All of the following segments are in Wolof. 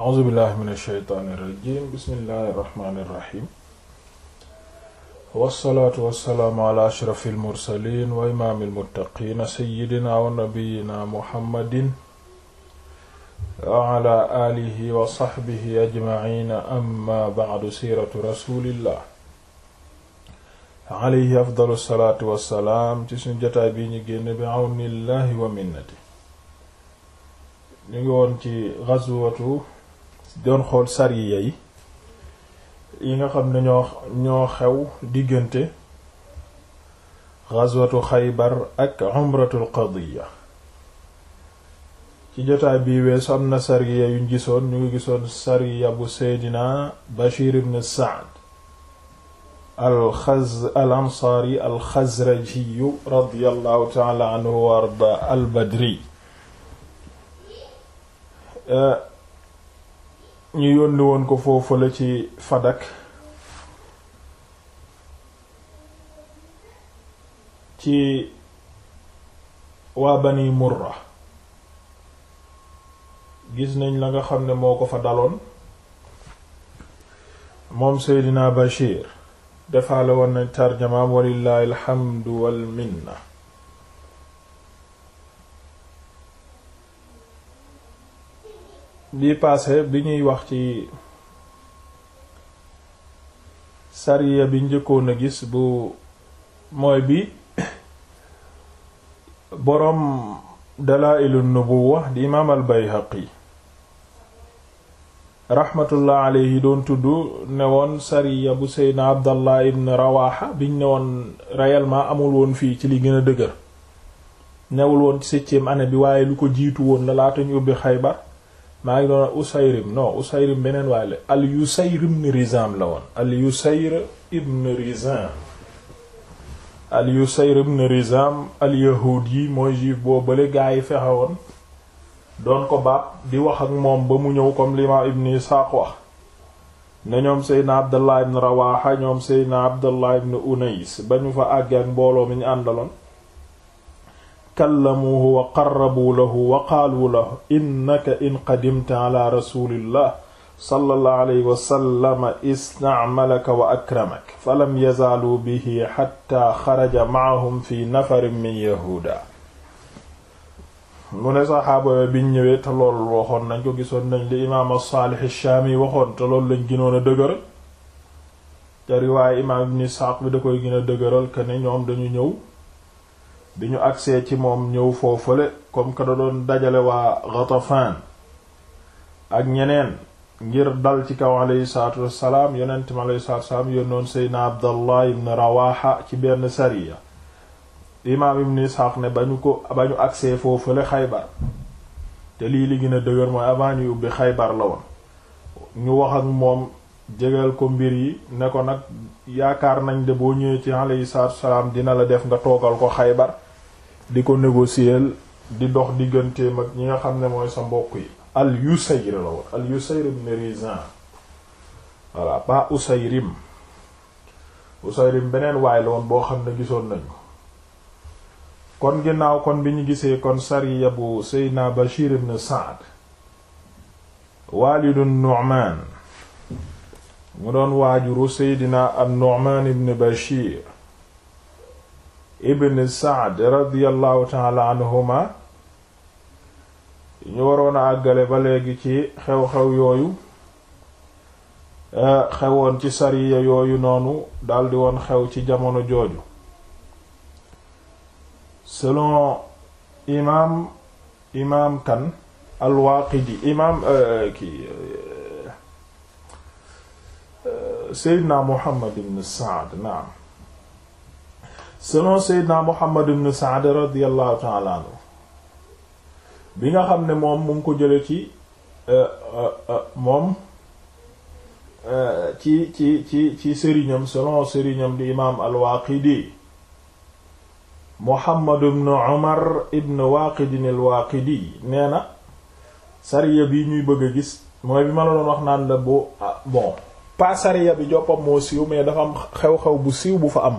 a'uuzu billahi min ash-shaytaani irrajim bismillahi irrahmani irrahim wassalaatu wassalaamu ala ashraf almursalin wa imaami almuttaqiina sayidina wa nabiyina muhammadin wa ala aalihi wa saxbihi ajmaciina amma bacdu siiratu rasulillah alayhi afdalu salaatu wassalaam ci suñu jotaay bii ñu génn bi awnillahi wa minnati ñu ngi woon ci gazwatu doon xool sariya yi yi nga xam ne ñoo xew diggante ghazwatu xaybar ak umratul qadiya ci jotaay bii weesu am na sariya yuñ gisoon ñu ngi gisoon sariya bu seydina bashir ibn saad al xaz al ansaari al xazrajiyu radiyallahu taala wa arda al badri eh, ñu yónni woon ko foofu la ci Fadak ci waa Bani Murra gis nañ la nga xam ne moo ko fa daloon moom Seydina Bachir defaale woon nañ tarjamaam walillahi alhamdu wal minna bi passé bi ñuy wax ci sariya bi njëkkoon a gis bu mooy bi boroom dalaa'ilu nubuwa di imaam al bayhaqi raxmatullah alayhi doon tudd ne woon sariya bu seydna abdallah ibn bi biñ ne woon réellement amul woon fii ci li gën a dëgër newul woon ci septième bi waaye lu ko jiitu woon la laata ñu ubbi xaybar maa ngi doon Usayrim non Usayrim beneen waaye la al Usayr ibn la woon al Usayr ibn Rizam al Usayr ibn Rizam al yahuud yi mooy juif boobale gaa yi fexewoon woon doon ko baab di wax ak moom ba mu ñëw comme l'imam Ibn Isaaq wa ne ñoom Seydina Abdallah ibn Rawaha ñoom Seydina Abdallah ibn Unais ba ñu fa àggee ak mbooloo mi ñu àndaloon kallamuuhu wa qarrabuu lahu wa qaaluu lahu innaka in qadimta ala rasulillah sallallahu alayhi wa sallam istacmalaka wa akramak falam yazaaluu bihi xatta xaraja macahum fi nafarin min yahuuda mu ne saxaaba bi ñëwee te lool waxoon nañ ko gisoon nañ li imaam as-Saalih ash-Shaami waxoon te loolu lañ gënoon a dëgëral te riwaaye imaam ibn Isxaaq bi da koy gën a dëgëral ne ñoom dañu ñëw bi ñu agsee ci moom ñëw foofale comme que da doon dajale waa Ghatafan ak ñeneen ngir dal ci kaw aleyhi salaatu wassalaam yonent mi aleyhi salaatu wassalaam yónnoon seydna Abdallah ibn Rawaha ci benn sariya imaam ibn Isxaaq ne ba ñu ko ba ñu agsee foofale Xaybar te lii li gën a dëgër mooy avant ñuy ubbi Xaybar la woon ñu wax ak moom jégal ko mbir yi ne ko nag yaakaar nañ de boo ñëwee ci alayhi salaatu salaam dina la def nga toogal ko xaybar di ko négocier di dox digganteem ak ñi nga xam ne mooy sa mbokk yi al Usayr la woon al Usayr ibn Rizan voilà pas Usayrim Usayrim beneen waay la woon boo xam ne gisoon nañ ko kon ginnaaw kon bi ñu gisee kon sariya bu Seydina Bashir ibn Sa'd walidu Nu'man mu doon waajuru seydina an-Nu'man ibn Bashir ibn Sa'd radiyallahu taala anhuma ñu waroona àggale ba léegi ci xew-xew yooyu eh, xewoon ci sariya yooyu noonu daldi woon xew ci jamono jooju selon imaam imaam kan al imaam eh, Seydina Muhammad ibn Saad naam selon Seydina Muhammad ibn Saad radiyallahu ta'ala anhu bi nga xam ne moom mu ngi ko jële ci euh, euh, euh, moom ci ci ci ci sëriñam selon sëriñam di imaam al-Waaqidi Muhammad ibn Umar ibn Waaqidin al-Waaqidi nee na sariya bi ñuy bëgg a gis mooy bi ma la doon wax naan la bo ah, bon pas sariya bi joppam moo siiw mais dafa am xew-xew bu siiw bu fa am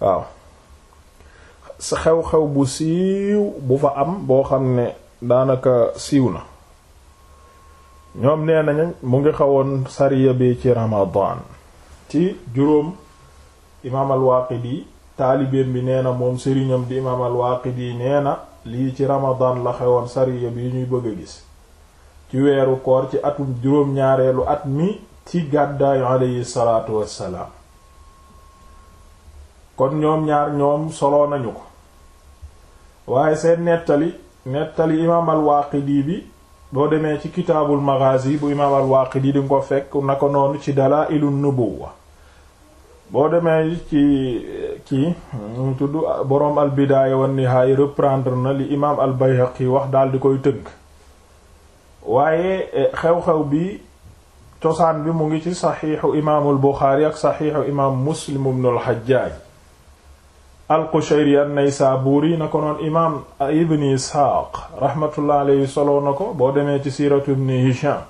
waaw xew bu siiw fa am boo xam ne daanaka siiw na ñoom nee nañ mu ngi xawoon sariya bi ci Ramadan ci juróom imaam al-Waaqidi taalibeem bi nee na moom sëriñam di imaam al-Waaqidi nee na lii ci Ramadan la xewoon sariya bi ñuy bëgg a gis ci weeru koor ci atum juróom-ñaareelu at mi ci gàddaayu aleyhi wassalaam kon ñoom ñaar ñoom solo nañu ko waaye seen nettali nettali imaam al-Waaqidi bi boo demee ci kitaabul Maghaazi bu imaam al-Waaqidi di ko fekk na ko noonu ci Dalaa'ilu Nubuwwa boo demee ci kii mu tudd boroom al-Bidaaya wan Nihaaya reprendre na li imaam al-Bayhaqi wax daal di koy tënk waaye eh, xew-xew bi cosaan bi mu ngi ci saxiixu imaamul buxaari ak saxiixu imaam muslim ibnul xajjaaj al-Qushayri an-Naysaabuuri na ko noon imaam ibn Isxaaq raxmatullahi alayhi na ko boo demee ci siiratu ibn Hishaam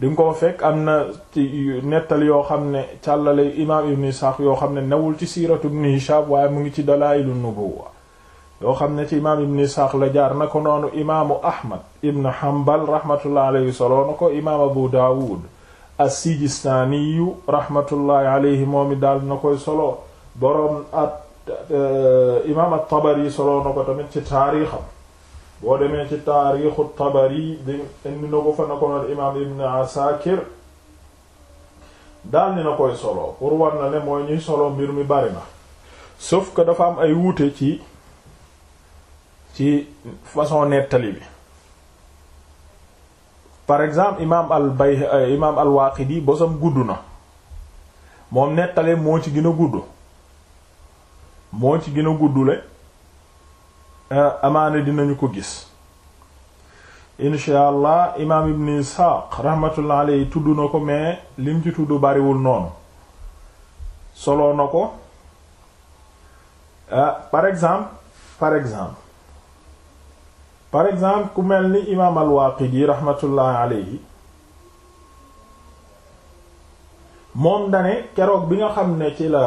di nga ko fekk am na ci nettali yoo xam ne càllale imaam ibn Isxaaq yoo xam ne newul ci siiratu ibn Hishaam waaye mu ngi ci dalaa'ilu nubuwwa yoo xam ne ci imaam ibn Isxaaq la jaar na ko noonu imaamu Ahmad ibn Hanbal raxmatullahi alayhi soloo na ko imaam Abu Daawuud as-Sijistaaniyu rahmatullahi alayhi moom it daal na koy solo boroom at eh, imaam at-Tabari solo na ko tamit ci taarixam boo demee ci taarixu Tabari di indi na ko fa na ko imaam Ibn Asakir daal ni na koy solo pour war ne mooy ñuy solo mbir mi bari na sauf dafa am ay wuute ci ci façon nettali bi par exemple imaam al bay eh, imaam al waaqidi bosam gudd na moom nettalee moo ci gën a gudd moo ci gën a guddule eh, amaana dinañu ko gis incha allah imaam ibn isxaaq rahmatullah alayhi tudd na ko mais lim ci tudd bariwul noonu soloo na ko eh, par exemple par exemple par exemple ku mel ni imaam al-Waaqidi rahmatullahi alayhi moom dane keroog bi nga xam ne ci la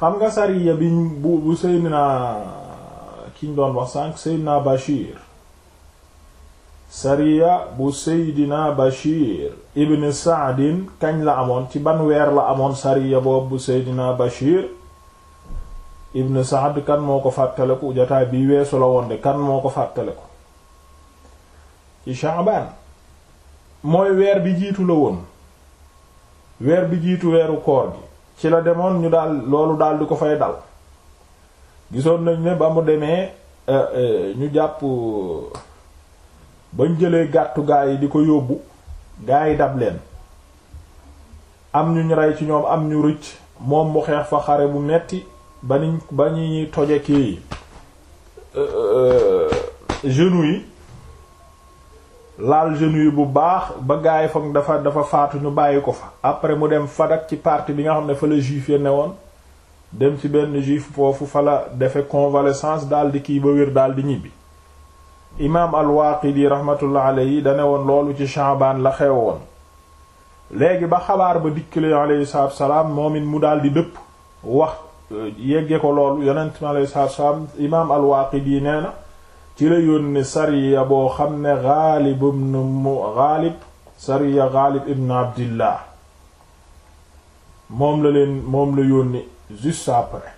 xam nga sariya bi bu bu Seydina ki doon wax sànq Seydina Bachir sariya bu Seydina Bachir ibn Saadin kañ la amoon ci ban weer la amoon sariya boobu bu Seydina Bachir ibn Saad kan moo ko fàttaleku jotaay bi weesu la woon de kan moo ko fàttaleku ci Sha'ban mooy weer bi jiitu la woon weer bi jiitu weeru koor gi ci la demoon ñu daal loolu daal di ko fay dal gisoon nañ ne ba mu demee eh, eh, ñu jàpp bañ jëlee gàttu gaa yi di ko yóbbu gaa yi dab leen am ñu rey ci ñoom am ñu rëcc moom mu xeex fa xare bu metti ba niñ toje kii euh, euh, genou yi laal genou yi bu baax ba gaay foog dafa dafa faatu ñu bàyyi ko fa après mu dem Fadak ci partie bi nga xam ne fa la juif ya ne woon dem ci benn juif foofu fa la defe convalescence daal di kii ba wér daal di ñibbi imaam al-Waaqidi rahmatullah alayhi dane woon loolu ci Sha'baan la xew léegi ba xabaar ba dikkale alayhi salaam moom it mu daal di dëpp wax yegge ko loolu yonent mi alayhi salaatu salaam imaam al-Waaqidi nee na ci la yónni sariya boo xam ne Gaalib ibn Gaalib sariya Gaalib ibn Abdillah moom la leen moom la yónni juste après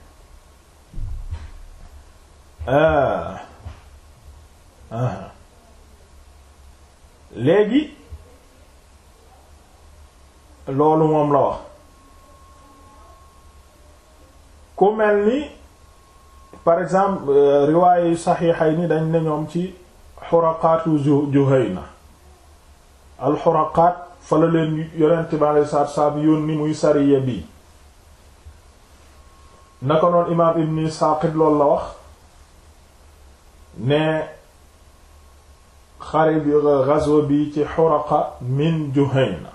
ah, ah. léegi loolu moom la wax ku mel ni par exemple euh, riwaaye saxiixa yi ni dañ ne ñoom ci xuraqaatu Juhayna alxuraqaat fa la leen yonent bi alei saatu yónni muy sariya bi naka noonu imaam ibn Isxaaq loolu la wax ne xare bi bi ci xuraqa min Juhayna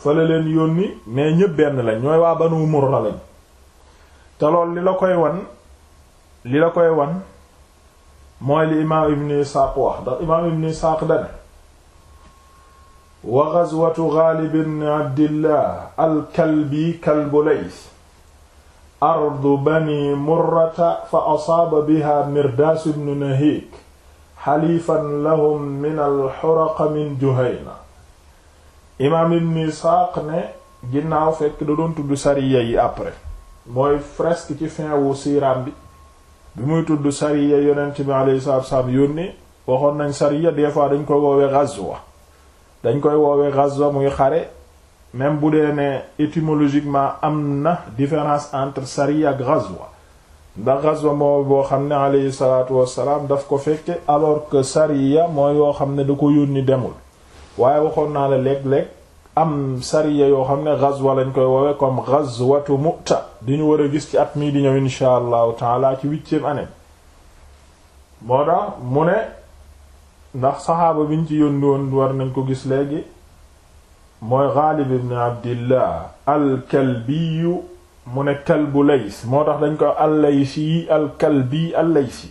fa la leen yónni mais ñëpp benn lañ ñooy waa Banu Murra lañ te li la koy wan li la koy wan mooy li imaam ibn Isaaq wax ndax imaam ibn Isaaq dana wa al-Kalbi kalbulays ardu bani murrata fa asaaba biha Mirdaas ibn Nahik xalifan lahum min al-Huraqa min Juhayna imaam ibn Isaaq ne ginnaaw fekk da doon tudd sariya mooy presque ci fin wu siiraam bi bi muy tudd sariya yonent bi alayhi salaatu wassalaam yónnee waxoon nañ sariya des fois dañ koy woowee ghazwa dañ koy woowee ghazwa muy xare même bu dee ne étymologiquement am na différence entre sariya ak ghazwa ndax ghazwa moo boo xam ne alayhi salaatu wassalaam daf ko fekke alors que sariya mooy yoo xam ne da ko yónni demul waaye waxoon naa la léeg-léeg am sariya yoo xam ne ghazwa lañ koy woowe comme ghazwatu mu'ta di ñu war a gis ci at mii di ñëw insha allahu taala ci huitième année moo tax mu ne ndax saxaaba biñ ci yónni woon war nañ ko gis léegi mooy Ghalib ibn Abdillah al-Kalbi mu ne kalbu Lays moo tax dañ ko al-Laysi al-Kalbi al-Laysi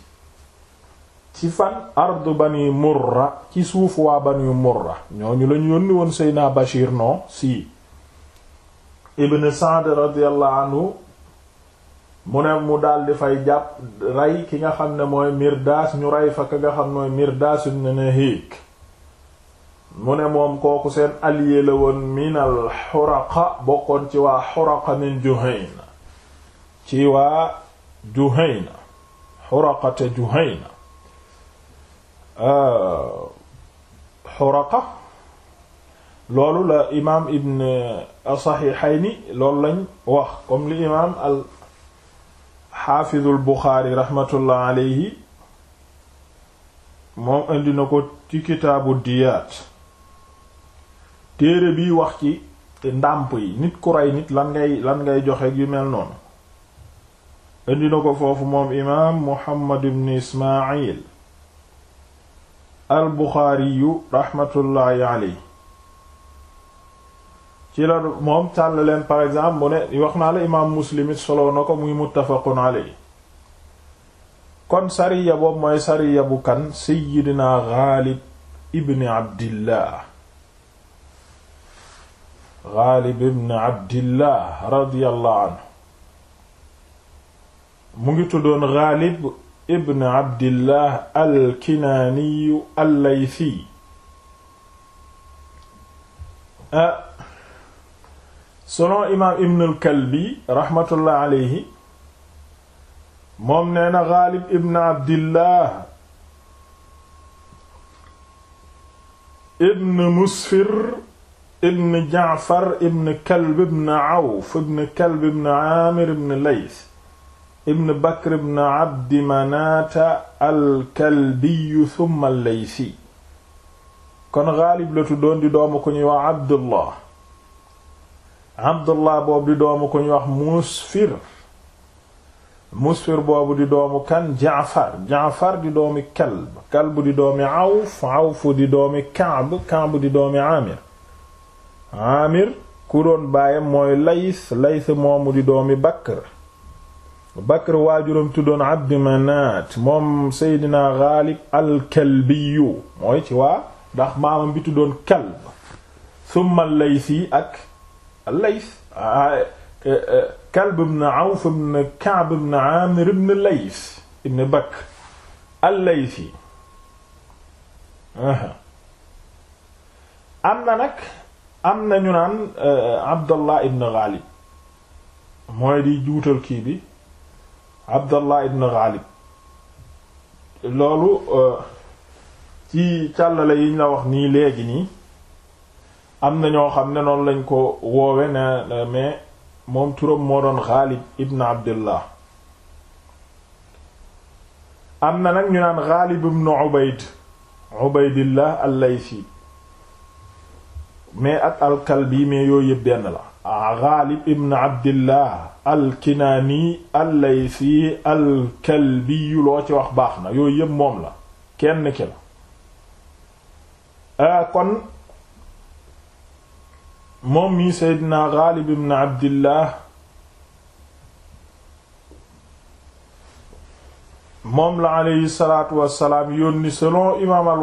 ci fan ardu bani murra ci suuf waa bani murra ñooñu lañu yónni woon seyna bashir non si ibn Sa'd radiyallahu anhu mu ne mu daldi fay jàpp rey ki nga xam ne mooy mirdaas ñu rey fa ki nga xam mooy mirdaas ibn Nahik mu ne moom kooku seen allié la woon minal xuraqa bokkoon ci waa xuraqa min Juhayna ci waa Juhayna xuraqate Juhayna Xuraqa euh, loolu la imaam Ibn as-Saxiixayni loolu lañ wax comme li imaam al xaafizul Buxaari raxmatullah aleyhi moom indi na ko ci kitaabu diyaat téere bi wax ci ndàmp yi nit ku rey nit lan ngay lan ngay joxe yu mel noonu indi na ko foofu moom imaam Muhammad ibn Ismaayil albuxaariyu raxmatullaahi aley ci la moom càll leen par exemple mu ne wax naa la imaam muslim it solo ko muy muttafaqun aley kon sariya boobu mooy sariya bu kan seyyidina gaalib ibni abdillah gaalib ibni abdillah radiyallahu anhu mu ngi tuddoon gaalib ibn abdillah alkinaaniyu allaysi ah selon imaam ibn alkalbi raxmatullah aleyhi moom nee na gaalib ibn abdillah ibn musfir ibn jaafar ibn kalb ibn awf ibn kalb ibn aamir ibn lays ibn bakr ibn abdi manata alkalbiyu thumma alleysi kon gaalib la tuddoon di doomu ko ñuy abdullah abdullah boobu di doomu ko ñuy musfir musfir boobu di doomu kan jaafar jaafar di doomi kalb kalb di doomi awf awf di doomi kaab kaab di doomi aamir aamir ku doon mooy lays lays moomu di doomi bakr Bakr waajuram tuddoon Abdi Manaat moom Seydina Ghalib al-Kalbiyu mooy ci waa ndax maamam bi tuddoon Kalb thumma al-Laythi ak al-Layth ah, ah, eh, eh, Kalb ibn Awf ibn Ka'b ibn Amir ibn Layth ibn Bakr al-Laythi am na nag am na ñu naan eh, Abdallah ibn Ghalib mooy di juutal kii bi abdallah ibn ghalib loolu euh, ci càllale yiñ la wax nii léegi nii am na ñoo xam ne noonu lañ ko woowe ne mais moom turam moo doon ghalib ibn abdullah am na nag ñu naan ghalib ibn ubayd ubaydillah mais ak alkalbi mais yooyu yëpp benn la ghalib ibn abdillah alkinaani allaysi alkalbi loo ci wax baax na yooy yëpp moom la kenn ki la euh, kon moom mi seydina ghalib ibn abdillah moom la aleyhi salaatu wassalaam yónni selon imaam al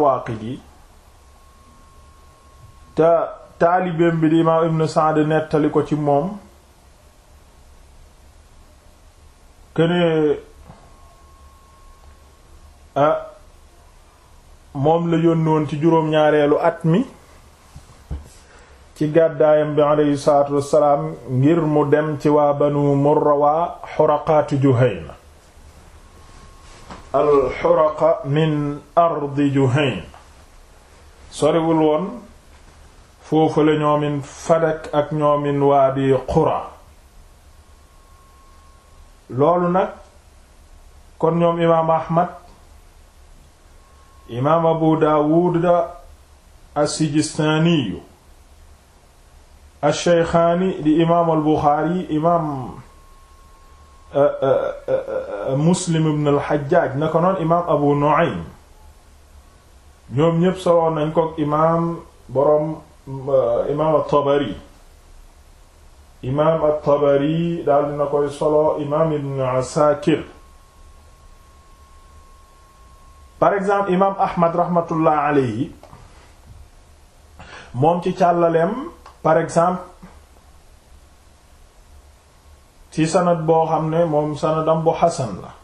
te taalibeem bi di imaam ibn Sa'd nettali ko ci moom kënee ah, moom la yónnoon ci juróom-ñaareelu at mi ci gàddaayam bi aleyhi salaatu wassalaam ngir mu dem ci waa banu murra waa xuraqaatu Juhayna al xuraqa min ardi Juhayna soriwul woon foofu la ñoomin Fadak ak ñoomin Wadi Qura loolu nag kon ñoom imaam Ahmad imaam Abu Dawud as-Sijistaaniyu di imaam al-Buxaari imaam eh, eh, eh, Muslim ibn al-Hajjaaj na ko noon imaam Abu Nu'aym ñoom ñépp soloon nañ ko imaam boroom imaam at-Tabari imaam at-Tabari daal dina koy solo imaam Ibn Asakir par exemple imaam Ahmad rahmatullah alayhi moom ci càllaleem par exemple ci sanad boo xam ne moom sanadam bu xasan la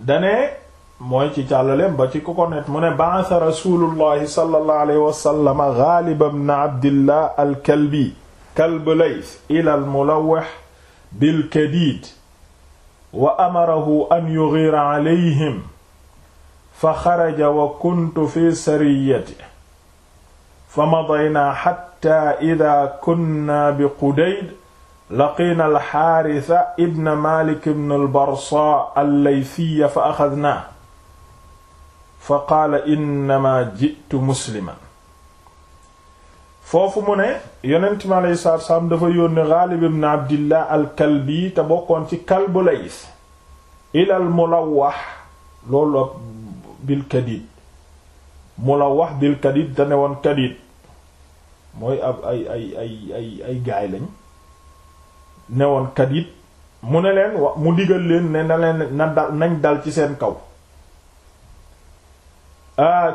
dane mooy ci càllaleem ba ci ku ko net mu ne ba'atha rasulullahi sallallahu alayhi wasallam Ghalib ibn Abdillah al-Kalbi kalb Layth ila al-Mulawwih bil Kadid wa amarahu an yughira alayhim fa xaraja wa kuntu fi sariyati fa madaynaa xatta ida kunna bi Qudayd laqiina al-Haarisa ibn Maalik ibn al-Barsaa al-Laythiyya fa axadnaa fa qaala innama jitu musliman foofu mu ne yonent mi aleyhi salaatu salaam dafa yónni Gaalib ibn Abdillah al te bokkoon ci Kalbu Lays ilal Mulawwax loolu ab bil Kadiid Mulawwax bil Kadiid da ne woon Kadiid mooy ab ay ay ay ay gaay lañ ne woon Kadiid mu ne leen wa mu digal leen ne na leen na dal nañ dal ci seen kaw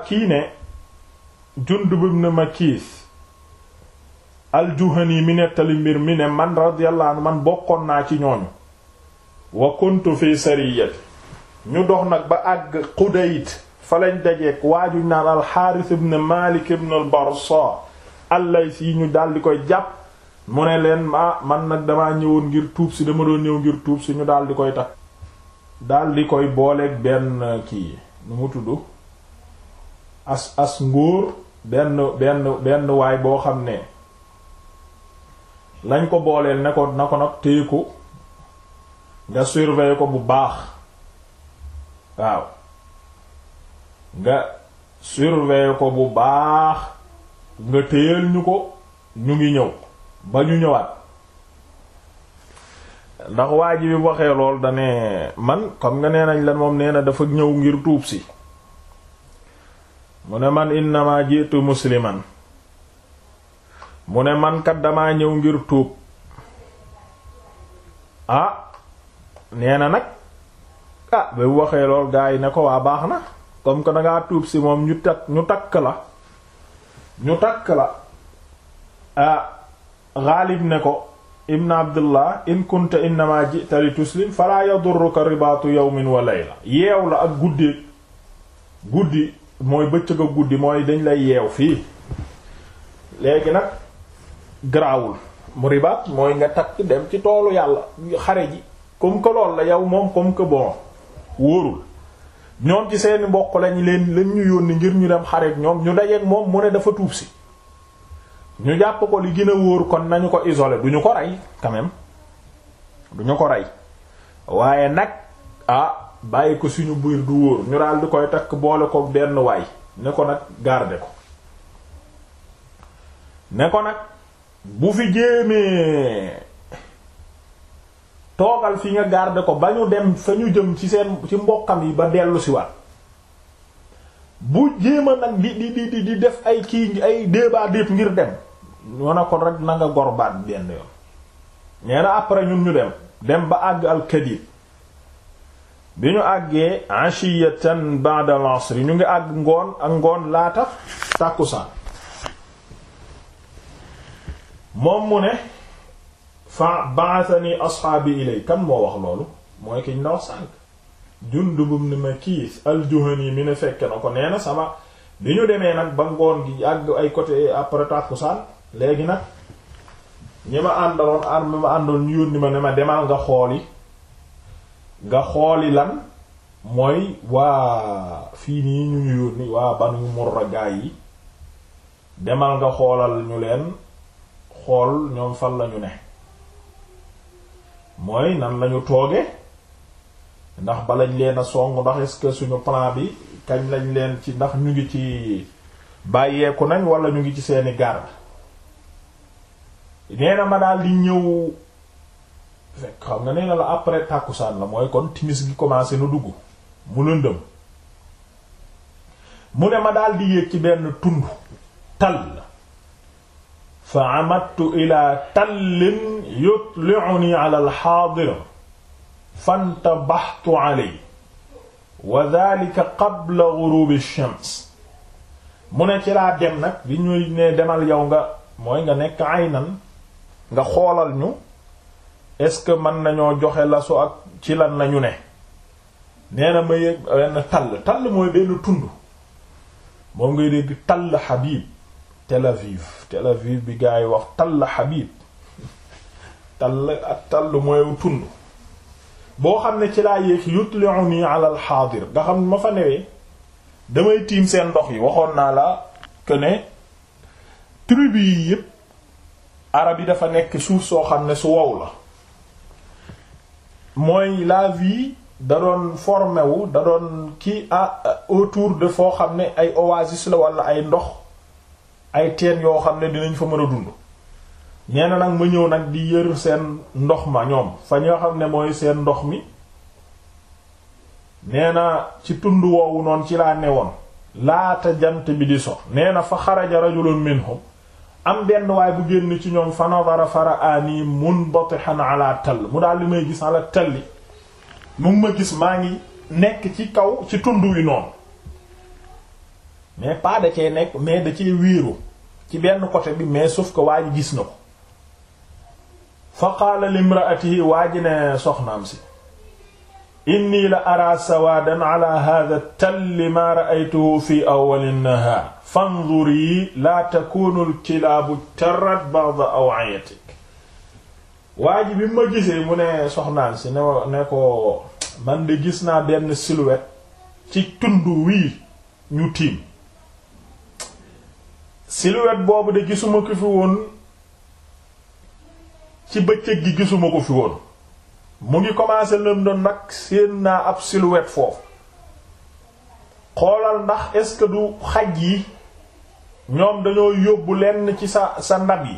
kii ne Jundub ibn Makiis al-Juhani mi nettali mbir mi ne man radiyallahu man bokkoon naa ci ñooñu wa kuntu fi sariyati ñu dox nag ba àgg Qudayt falañ lañ dajeek waajuñ naan al-Haaris ibn Maalik ibn al yi ñu daldi koy jàpp mu ne leen ma man nag damaa ñëwoon ngir tuub si dama doon ñëw ngir tuub si ñu daal koy tax daldi koy booleeg benn kii nu mu tudd as as ngóor benn benn benn waay boo xam ne lañ ko booleel ne ko na ko nag téye ko nga surveiller ko bu baax waaw nga surveiller ko bu baax nga téyel ñu ko ñu ngi ñëw ba ñu ñëwaat ndax waa ji bi waxee lool dane man comme nga nee nañ la moom nee na dafa ñëw ngir tuub si mu ne man innama jiitu musliman mu ne mankat kat ñëw ngir tuub ah nee na nag ah ba mu waxee lool gaa yi ne ko waa baax na comme que dangaa tuub si moom ñu takk ñu takk la ñu takk la ah Ghalib ne ko ibn abdullah in kunta innama ji'ta li tuslim falaa yadurruka ribaatu yawmin wa layla yeew la ak guddeeg guddi mooy bëccëg ak guddi mooy dañ lay yeew fii léegi nag garaawul mu ribaat mooy nga takk dem ci toolu yàlla xare ji comme que loolu la yow moom comme que bon wóorul ñoom ci seeni mbokk lañ leen lañ ñu yónni ngir ñu dem xare ñoom ñu dajeeg moom mu ne dafa tuub si ñu jàpp ko li gën a wóor kon nañu ko isolé du ñu ko rey quand même du ñu ko rey waaye nag ah bàyyi ko suñu biir du wóor ñu daal di koy takk boole ko benn waay ne ko nag garde ko ne ko nag bu fi jéemee toogal fi nga garde ko ba ñu dem fa ñu jëm ci seen ci mbokkam yi ba dellusi waa waat bu jéema nag di di di di def ay kii ay débat déet ngir dem ñoo na ko rek na nga gorbaat benn yoon nee après ñun ñu dem dem ba àgg alkadib bi ñu àggee ashiyatan ba'da al-asr ñu ngi àgg ngoon ak ngoon laata tàkkusaan moom mu ne fa ba'athani ashaabi ilay kan moo wax loolu mooy kiñ la wax sànk Jundub ibn Makiis al-Juhani mi ne fekke na ko nee sama bi ñu demee nag ba ngoon gi àgg ay côté après tàkkusaan léegi nag ñi ma àndaloon ar ma àndoon ñu yónni ma ne ma demal nga xooli nga xooli lan mooy waa fii nii ñu ñu yónni waa Banu Murra gaay yi demal nga xoolal ñu leen xool ñoom fan lañu ne mooy nan lañu tooge ndax balañ leen a song ndax est suñu plan bi kañ lañ leen ci ndax ñu ngi ci bàyyeeku nañ wala ñu ngi ci seeni garde nee ma daal di ñëw xaw xam nga nee na la après tàkkusaan la mooy kon timis gi commencé na dugg mu lëndëm mu ne ma daal di yéeg ci benn tund tall fa amattu ila tallin yutli'uni ala al-haadir fantabaxtu alayhi wa dhalika qabla ghurub shams mu ne ci laa dem nag bi ñuy ne demal yow nga mooy nga nekk aynan nga xoolal ñu est-ce que mën nañoo joxe laso ak ci lan nañu ne nee na ma yëg benn tall tall mooy benn tund moom ngay dégg tall Habib Tel Aviv Tel Aviv bi gaa yi wax tall Habib tall ak tall mooy tund boo xam ne ci laa yéeg yutli'uni ala al-hadir nga xam ma fa newee damay tiim seen ndox yi waxoon naa la que ne tribu yi yépp arab yi dafa nekk suuf soo xam ne su wow la mooy la vie da doon formé da doon kii à autour de foo xam ne ay oasis la walla ay ndox ay teen yoo xam ne dinañ fa mën a dund nee nag ma ñëw nag di yër seen ndox ma ñoom fa ñoo xam ne mooy seen ndox mi nee na ci tund woowu noonu ci laa newoon laata jant bi di sox nee na fa xaraja rajulun minhum am benn waay bu génn ci ñoom fa nadara fara aani munbatihan ala tall mu daal li may gis ala gis maa ngi nekk ci kaw ci tund wi noonu mais pas cee nekk mais da cee wiiru ci benn côté bi mais sauf que waa ji gis na ko fa qaala limraatihi waa ji ne soxnaam si inni la ara sawadan ala hadha talli ma ra'aytuhu fi awwal an fanzuri laa takunu alkilaabu tarat ba'da awayatik waa ji bi ma gisee mu ne soxnaan si ne ne ko man de gis naa benn silhouette ci tund wii ñu tiim silhouette boobu de gisuma ko fi woon ci bëccëg gi gisuma ko fi woon mu ngi commencé lëndëm nag seen naa ab silhouette foofu xoolal ndax est xaj yi ñoom dañoo yóbbu lenn ci sa sa ndab yi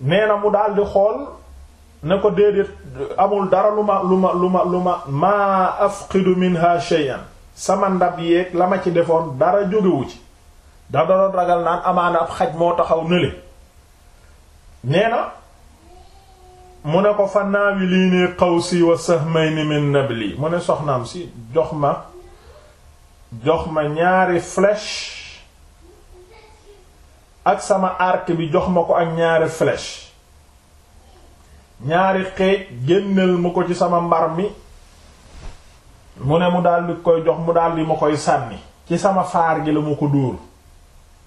nee na mu daldi xool ne ko déedéet amul dara luma ma luma ma lu ma lu ma maa afqidu minha sama ndab yeeg la ma ci defoon dara jógewu ci da doon ragal naan amaana ab xaj moo taxaw nële nee na mu ne ko fa naawi lii nii qawsi wa sahmayni min lii mu ne soxnaam si jox ma jox ma ñaari flèche ak sama arc bi jox ma ko ak ñaari flèche ñaari xeej génnal ma ko ci sama mbar mi mu ne mu daldi koy jox mu daldi ma koy sànni ci sama faar gi la ma ko dóor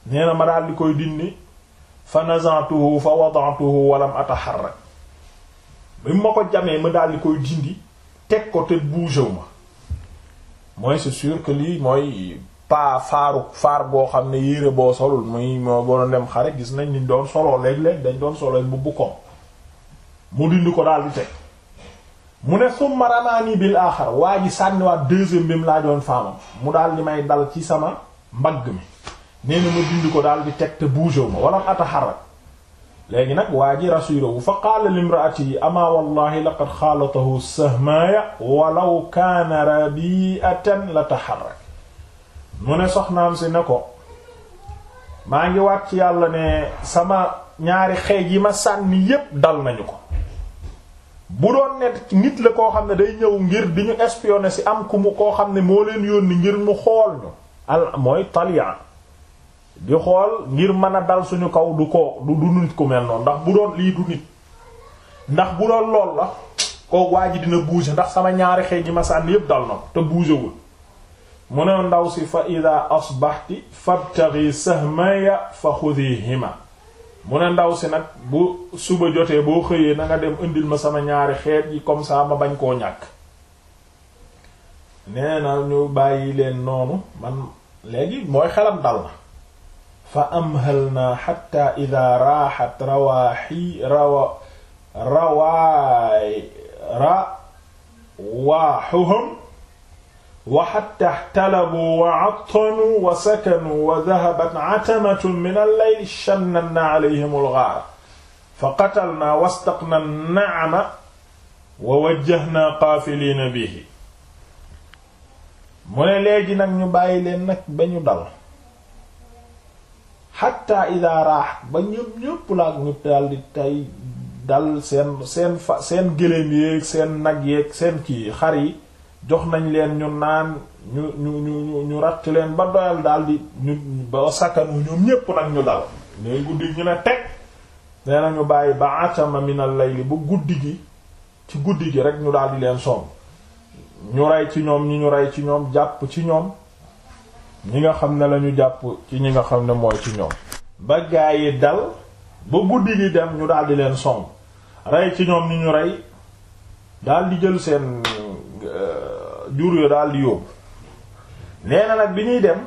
nee na ma daldi koy dindi fa nazantuhu fa wada'tuhu walam ataharrak bi ma ko jamee ma daldi koy dindi teg ko te bougéwu ma mooy c'est sûr lii mooy paa faaru faar boo xam ne yére boo solul muy moo boona dem xare gis nañ ni doon soloo léeg-léeg dañ doon soloo bu bukkoom mu dindi ko daal di teg mu ne summa ramaani bil aaxar waa ji sànniwaat deuxième bi mu laa doon faamam mu daal di may dal ci sama mbagg mi nee na dindi ko daal di teg te bougé ma wala ataxarrak léegi nag waa ji wu fa qaala yi ama wallahi laqad xaalatahu sahmaaya walaw kaana rabi'atan la taxarrak mu ne soxnaam si ne ko maa ngi waat ci yàlla ne sama ñaari xeej yi ma sànni yépp dal nañu ko bu doon ne nit la koo xam ne day ñëw ngir di ñu espionner si am ku mu koo xam ne moo leen yónni ngir mu xool ñu al mooy talian di xool ngir mën a dal suñu kaw du ko du nit ku mel noonu ndax bu doon lii du nit ndax bu doon lool la koo waa ji dina bouger ndax sama ñaari xeej yi ma sànni yépp dal na te bougewul mu ne ndaw si fa ida asbaxti fabtaxi sahmaya fa xudihima mu ne ndaw si nag bu suba jotee boo xëyee na nga dem indil ma sama ñaari xeer yi comme ça bañ koo ñàkk nee na ñu bàyyi leen noonu man léegi mooy xelam dal fa amhal naa xatta ida raaxat rawaaxi rawa rawaay ra wa hatta ihtalabuu wa attanuu wa sakanuu wa dahabat atamatun min al-layli shannannaa alayhim al-ghaara fa qatalnaa wastaqnaa an-na'ama wa wajjahnaa qaafiliina bihi mu ne léegi nag ñu bàyyi leen nag ba ñu dal xatta ida raax ba ñëpp ñëpp laak ñu daldi tey dal seen seen fa seen gëléem yéeg seen nag yeeg seen kii xar yi jox nañ leen ñu naan ñu ñu ñu ñu ratt leen ba doyal daal di ñu ba sakkanu ñoom ñépp nag ñu dal nee guddi ñu ne teg nee nañu bàyyi ba atama min al-layli ba guddi gi ci guddi gi rek ñu daal di leen somm ñu rey ci ñoom ñi ñu ci ñoom jàpp ci ñoom ñi nga xam ne lañu jàpp ci ñi nga xam ne mooy ci ñoom ba gaa yi dal ba guddi gi dem ñu daal di leen somm rey ci ñoom ñi ñu rey daal jël seen Euh, jur yo daal di yóbbu nee na nag bi ñuy dem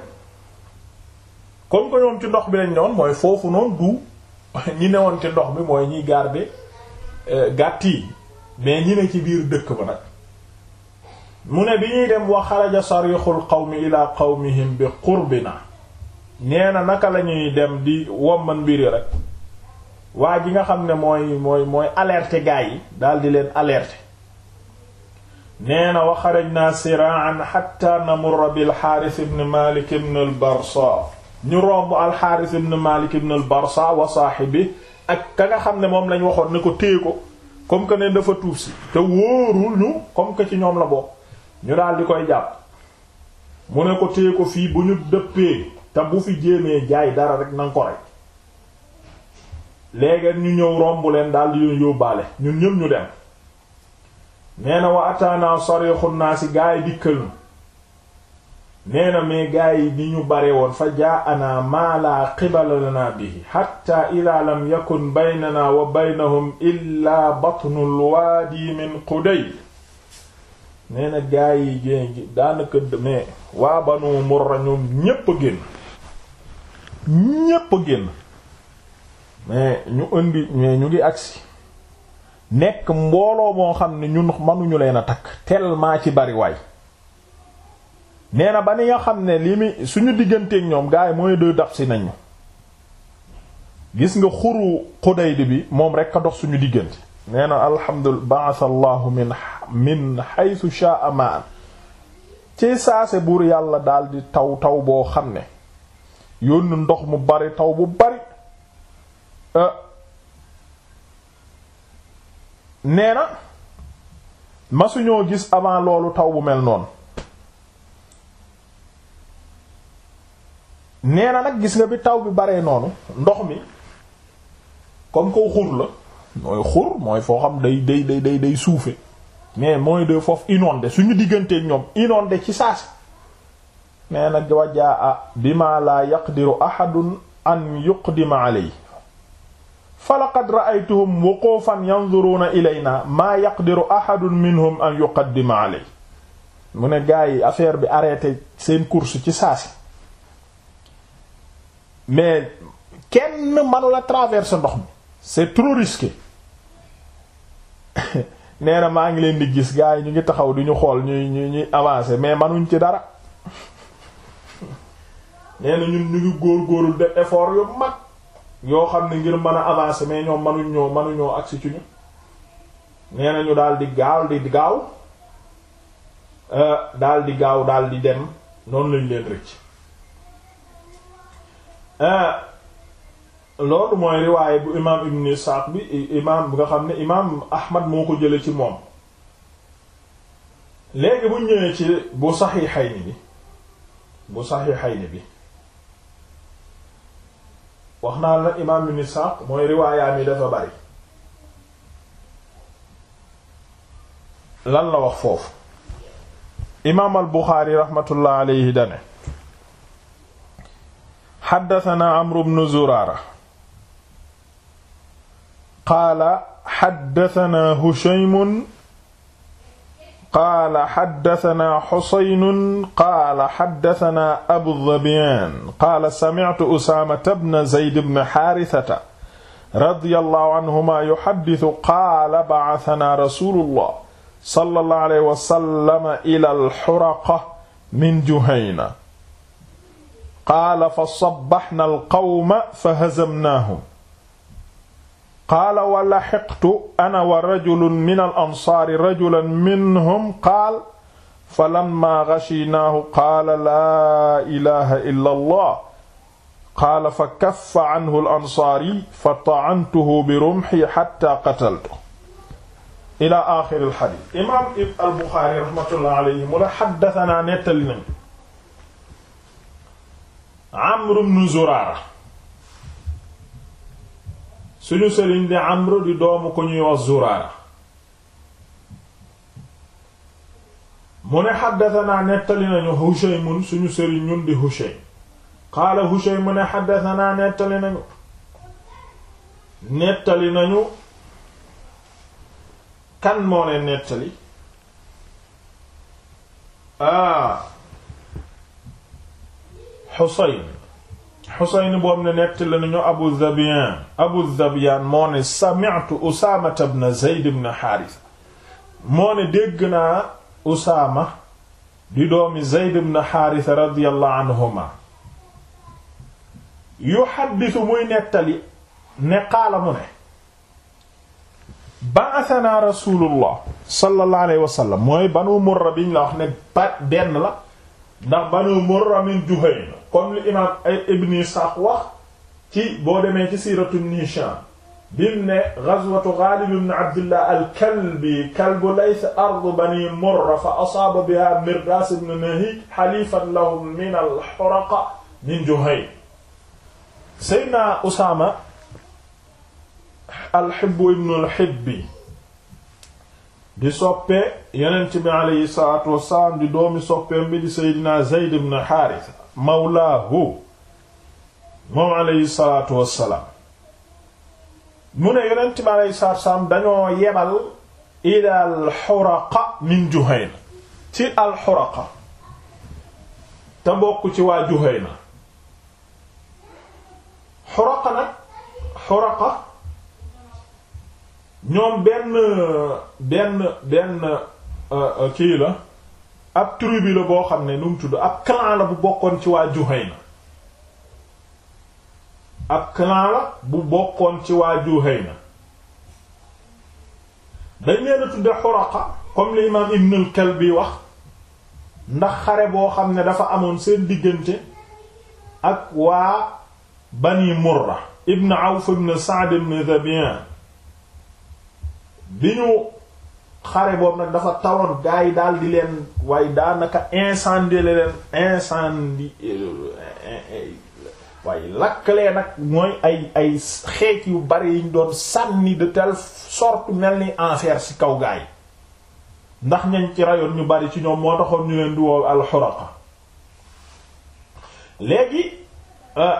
comme que ñoom ci ndox bi lañ newoon mooy foofu noonu du ñi newoon ci ndox bi mooy ñiy garder euh, gàtt yi mais ñi ne ci biir dëkk ba nag mu ne bi ñuy dem xaw xaraja sarixul xaw mi qawmihim bi qurbina nee na naka la ñuy dem di womman mbiri rek waa ji nga xam ne mooy mooy mooy alerter gaa yi daal di leen alerter nee na wa xarajna siraan xatta namurra bil xaaris ibn malik ibn al barsa ñu romb al xaaris malik ibn al wa saaxibi ak ka nga xam ne moom lañ waxoon ne ko téye ko comme que ne dafa tuub si te wóorul ñu comme que ci ñoom la bokk ñu daal di koy jàpp mu ne ko téye ko fii bu ñu dëppee te bu fi jéemee jaay dara rek nanga ko rek léegi ñu ñëw romb leen daal di yóbbaale ñu ñëm ñu dem nee na wa ataana sarixu naasi gaa yi dikkal na nee na yi ni ñu bare woon fa jaa ana maa laa qibala lana bihi xatta ida lam yakun baynana wa baynahum illa batnul waadi min quday nee na yi daanaka mais waa banu murra ñoom ñépp a génn ñépp a génn mais ñu indi mais ñu ngi agsi nekk mbooloo moo xam ne ñun manuñu leen a takk tellement ci bari waay nee na ba ni nga xam ne lii mi suñu digganteeg ñoom gars yi mooy doy daf si nañu gis nga xuru xudayd bi moom rek a dox suñu diggante nee na alhamdulillah ba'atha allahu min min haythu sha'a ma'an ci saase buur yàlla daal di taw taw boo xam ne yónn ndox mu bari taw bu bari euh, nee na masuñoo gis avant loolu taw bu mel noonu nee na nag gis nga bi taw bi baree noonu ndox mi comme ko xur la mooy xur mooy foo xam day day day day day suufe mais mooy de foofu inondé suñu digganteeg ñoom inondé ci saasi nee na wajaa a bi ma la yaqdiru ahadun an yuqdima alay fa laqad ra'aytuhum na yanzuruna ilayna maa yaqdiru ahadun minhum an yuqaddima alay mu ne gars yi affaire bi arrêté seen course ci saasi mais kenn manula traverser ndox mi c'est trop risqué nee na maa ngi leen di gis gars yi ñu ngi taxaw di ñu xool ñuy ñuy ñuy avancer mais manuñ ci dara nee na ñun ñu ngi góor góorul def effort yu mag yoo xam ne ngir mën a avancer mais ñoom mënuñ ñoo mënuñoo agsi ci ñu nee nañu daal di gaaw di gaaw euh, daal di gaaw daal di dem noonu lañ leen rëcc euh, loolu mooy riwaaye bu imaam ibn Isaaq bi imaam bi nga xam ne imaam Ahmad moo ko jële ci moom léegi bu ñëwee ci bu saxiixayni bi bu saxiixayni bi wax naa la imaam ibn Isaaq mooy riwaayaam yi dafa bari lan la wax foofu imaam al Buxaari raxmatullah alayhi dane xaddatana Amru bnu Zuraara qaala xaddatana Hushaymun qaala xaddatanaa xusaynun qaala xaddatanaa abu dhabian qaala samictu usaamata bna zayd bna xaarisata radiyallahu anhuma yuxaddisu qaala bacatanaa rasulullah sallallahu alayhi wa sallam ilal xuraqa min juhayna qaala fa sabbaxna alqawma fa hazamnaahum qaala wa laxiqtu ana wa rajulun min al ansaari rajulan minhum qaal fa lamma gashinaahu qaala laa ilaha illa allah qaala fa kaffa anhu al ansaari fa taantuhu bi rumxi xatta qataltu ila axiri al xadiis imaam al buxaari raxmatullahi alayhi mu la xaddasanaa nettali nañ amru bnu zuraara suñu sëriñ di Amr di doomu ku ñuy wax Zuraara mu ne xaddatanaa nettali nañu Hushaymun suñu sëriñ ñun di Hushaym qaala Hushaym mu ne xaddatanaa nettali nañu nettali nañu kan moo ne nettali aa ah, Xuseyn boobu ne nett la nañu Abu Zabiyan Abu Zabiyan moo ne sami'tu Usaama ibn Zayd ibn Haarisa moo ne dégg naa Usaama di doomi Zayd ibn Haarisa radiyallahu anhuma yuhaddisu muy nettali ne qaala mu ne ba'athanaa Rasuulullah sallallahu alayhi wa sallam mooy Banu Murra biñ la wax ne benn la ndax banu Murra min Juhayna comme li imaam ay Ibn Ishaq wax ci boo demee ci siiratu Ibn Hisham bim ne ghazwatu Ghalib ibn Abdullah al-Kalbi kalbu laysa ardu bani Murra fa asaaba biha Mirdas ibn Nahik halifan lahum min al-Huraqa min Juhayna Seydina Usaama al-Hibb ibn al-Hibbi di soppe yonent bi aleyhi salaatu wassalaam di doomi soppe bi di seydina zeyd ibn xaarisa mawlaahu moom aleyhi salaatu mu ne yonent bi aleyhi dañoo yebal ila alxuraqa min juhayna ci alxuraqa te mbokk ci waa juhayna xuraqa nag ñoom benn benn benn euh, euh, kii la ab tribu la boo xam ne nu mu tudd ab clan la bu bokkoon ci waa Juhayna ab clan la bu bokkoon ci waa Juhayna dañ leen tudde Xuraqa comme li imaam Ibn al-Kalbi wax ndax xare boo xam ne dafa amoon seen diggante ak waa Bani Murra ibn Awf ibn Sa'd ibn Dhabian bi ñu xare boobu nag dafa tawoon gars yi daal di leen waaye daanaka incendier la leen incendie euh, waaye lakkalee nag mooy ay ay xeec yu bari yiñ doon sànni de telle sorte mel ni enfer ci kaw gars ndax ñañ ci rayoon ñu bari ci ñoom moo taxoon ñu leen di woo alxuraqa léegi. Euh,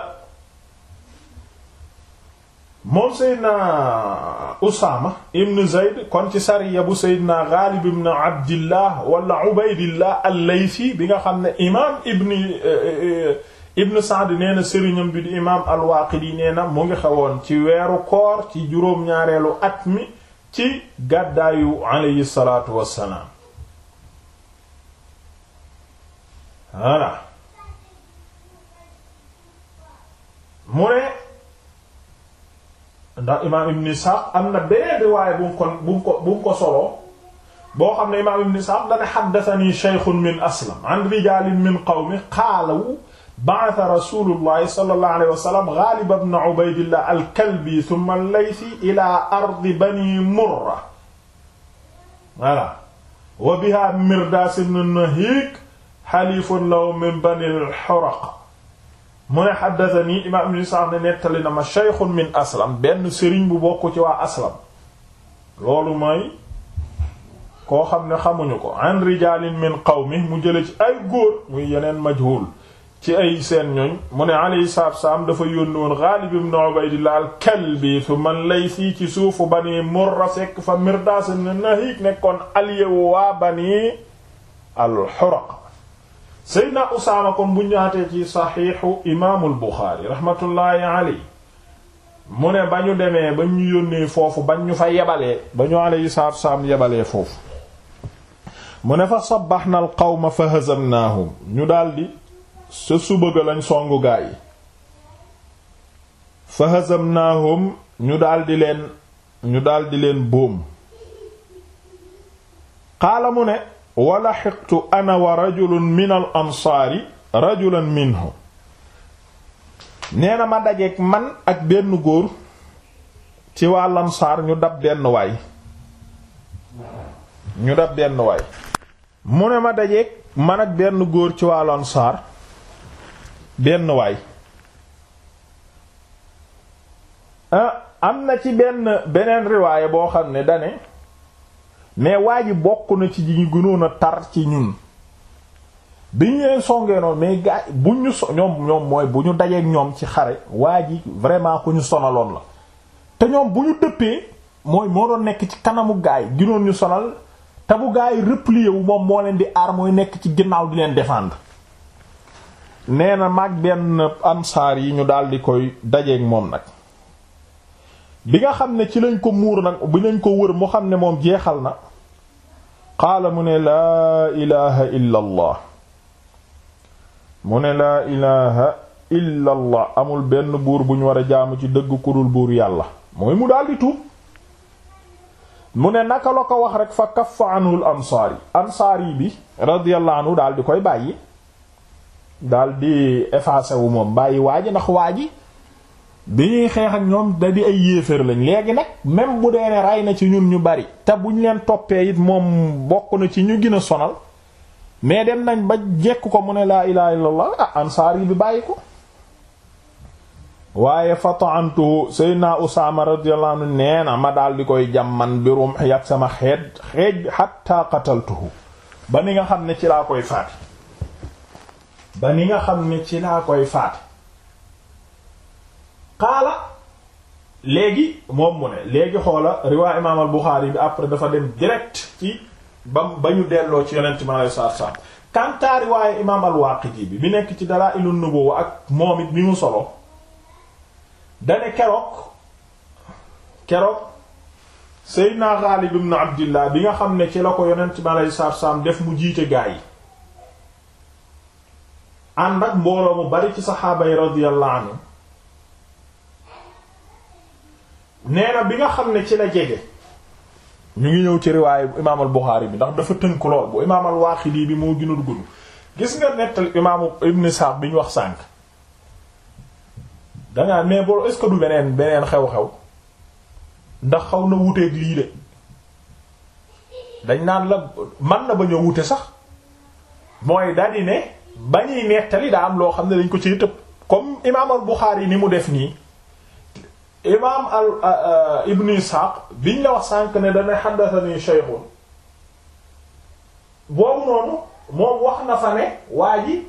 moom Seydina Usaama ibn Zayd kon ci sariya bu Seydina Gaalib ibn Abdillah wala Ubaydillah al-Laythi bi nga xam ne imaam ibn eh, eh, ibn Sa'd nee na sëriñam bi di imaam al-Waaqidi mu ngi xewoon ci weeru koor ci juróom-ñaareelu at mi ci gàddaayu alayhi salaatu wassalaam voilà mu ne ndax imaam ibn Isaaq am na beneen riwaaya bu mu ko bu mu ko bu mu ko soloo boo xam ne imaam ibn Isaaq dana haddathanii shaykhun min aslam an rijaalin min qawmi qaalu ba'atha rasuulullahi sallallahu alayhi wa sallam Ghaalib ibn Ubaydillah al-Kalbi thumma al-Laythi ilaa ardi banii Murra voilà wa bihaa Mirdaas ibn Nahiik haliifun lahu min banii al-Huraqa mu ne xaddatani imaam ibn Isaaq ne nettali na ma shaykhun min aslam benn sëriñ bu bokk ci waa aslam loolu mooy koo xam ne xamuñu ko an rijalin min qawmi mu jële ci ay góor muy yeneen majhul ci ay seen ñooñ mu ne alayhi salaatu salaam dafa yónni woon Gaalib ibn Ubaydillah al-Kalbi thumma Laysi ci suufu Bani Murra fekk fa Mirdaas ibn Nahiik nekkoon allié waa Bani al-Huraq Seydina Usaama kon bu ñaatee ci saxiixu imaamul Buxaari rahmatullahi aley mu ne ba ñu demee ba ñu yónnee foofu bañ ñu fa yebalee ba ñu aleyhi salaatu salaam yebalee foofu mu ne fa sabbaxna al xawma fa hazamnaahum ñu daldi sa suba ga lañ songu gaa yi fa hazamnaahum ñu daldi leen ñu daldi leen boom xaala mu ne wa laxiqtu ana wa rajulun min al ansaari rajulan minhu nee ma dajeeg man ak benn góor ci waa lansaar ñu dab benn waay ñu dab benn waay mu ne ma dajeeg man ak benn góor ci waa lansaar benn waay ah, am na ci benn beneen riwaaya boo xam ne dane mais waa ji bokk na ci ji gënoon a tar ci ñun bi ñu leen songee noonu gaa bu ñu so ñoom ñoom mooy bu ñu dajeek ñoom ci xare waa ji vraiment ku ñu sonaloon la te ñoom bu ñu dëppee mooy moo doon nekk ci kanamu gaay ginoon ñu sonal te bu gaay replié wu moom moo leen di aar mooy nekk ci ginnaaw di leen défendre nee na mag benn ansaar yi ñu daal di koy dajeek moom nag bi nga xam ne ci lañ ko muur na bi lañ ko wër mu xam ne moom jeexal na qaala mu ne laa ilaha illa mu ne laa ilaha illa amul benn buur bu ñu war a jaamu ci dëgg ku buur yàlla mooy mu daldi tuub mu ne naka la ko wax rek fa kaffa anhu l ansaari ansaari bi radiyallahu anhu daal di koy bàyyi daldi di effacé moom bàyyi waa ji ndax waa bi ñuy xeex ak ñoom da di ay yéeféer lañ léegi nag même bu dee ne rey na ci ñun ñu bari te buñ leen toppee it moom bokk na ci ñu gën a sonal mais dem nañ ba jekk ko mu ne laa ilaha illallah ah ansaar yi bi bàyyi ko waaye fataantuhu sayna Usaama radiyallahu anhu nee na ma daal di koy jàmman bi rum ak sama xeet xeej hatta qataltuhu ba ni nga xam ne ci laa koy faat ba ni nga xam ne ci laa koy faat xaala léegi moom mu ne léegi xoola riwaa imaam al Buxaari bi après dafa dem direct ci bam ba ñu delloo ci yonent ma lay saat saat kantaa riwaaye imaam al bi bi nekk ci Dalaa'ilun Nubuwwa ak moom it bi mu solo dane keroog keroog Seydina Xaalid ibn Abdillah bi nga xam ne ci la ko yonent ma lay saat saam def mu jiite gaa yi ànd ak mbooloo mu bari ci saxaaba yi radiyallahu anhu nee bi nga xam ne ci la jege ñu ngi ñëw ci riwaayu imaamal Buxaari bi ndax dafa tënk lool bu imaamal Waaqidi bi moo gënal gudd gis nga nettali imaamu Ibn Sa'd bi ñu wax sànq dangaa mais boo est du beneen beneen xew-xew ndax xaw na wuteeg lii de dañ naan la man na bañ a wute sax mooy dadi ne bañuy nettali daa am loo xam ne dañ ko ci tëb comme imaamal Buxaari ni mu def nii imaam al ibn Isxaaq biñ la wax sànq ne dana xaddasani shaykhun boobu noonu moom wax na fa ne waa ji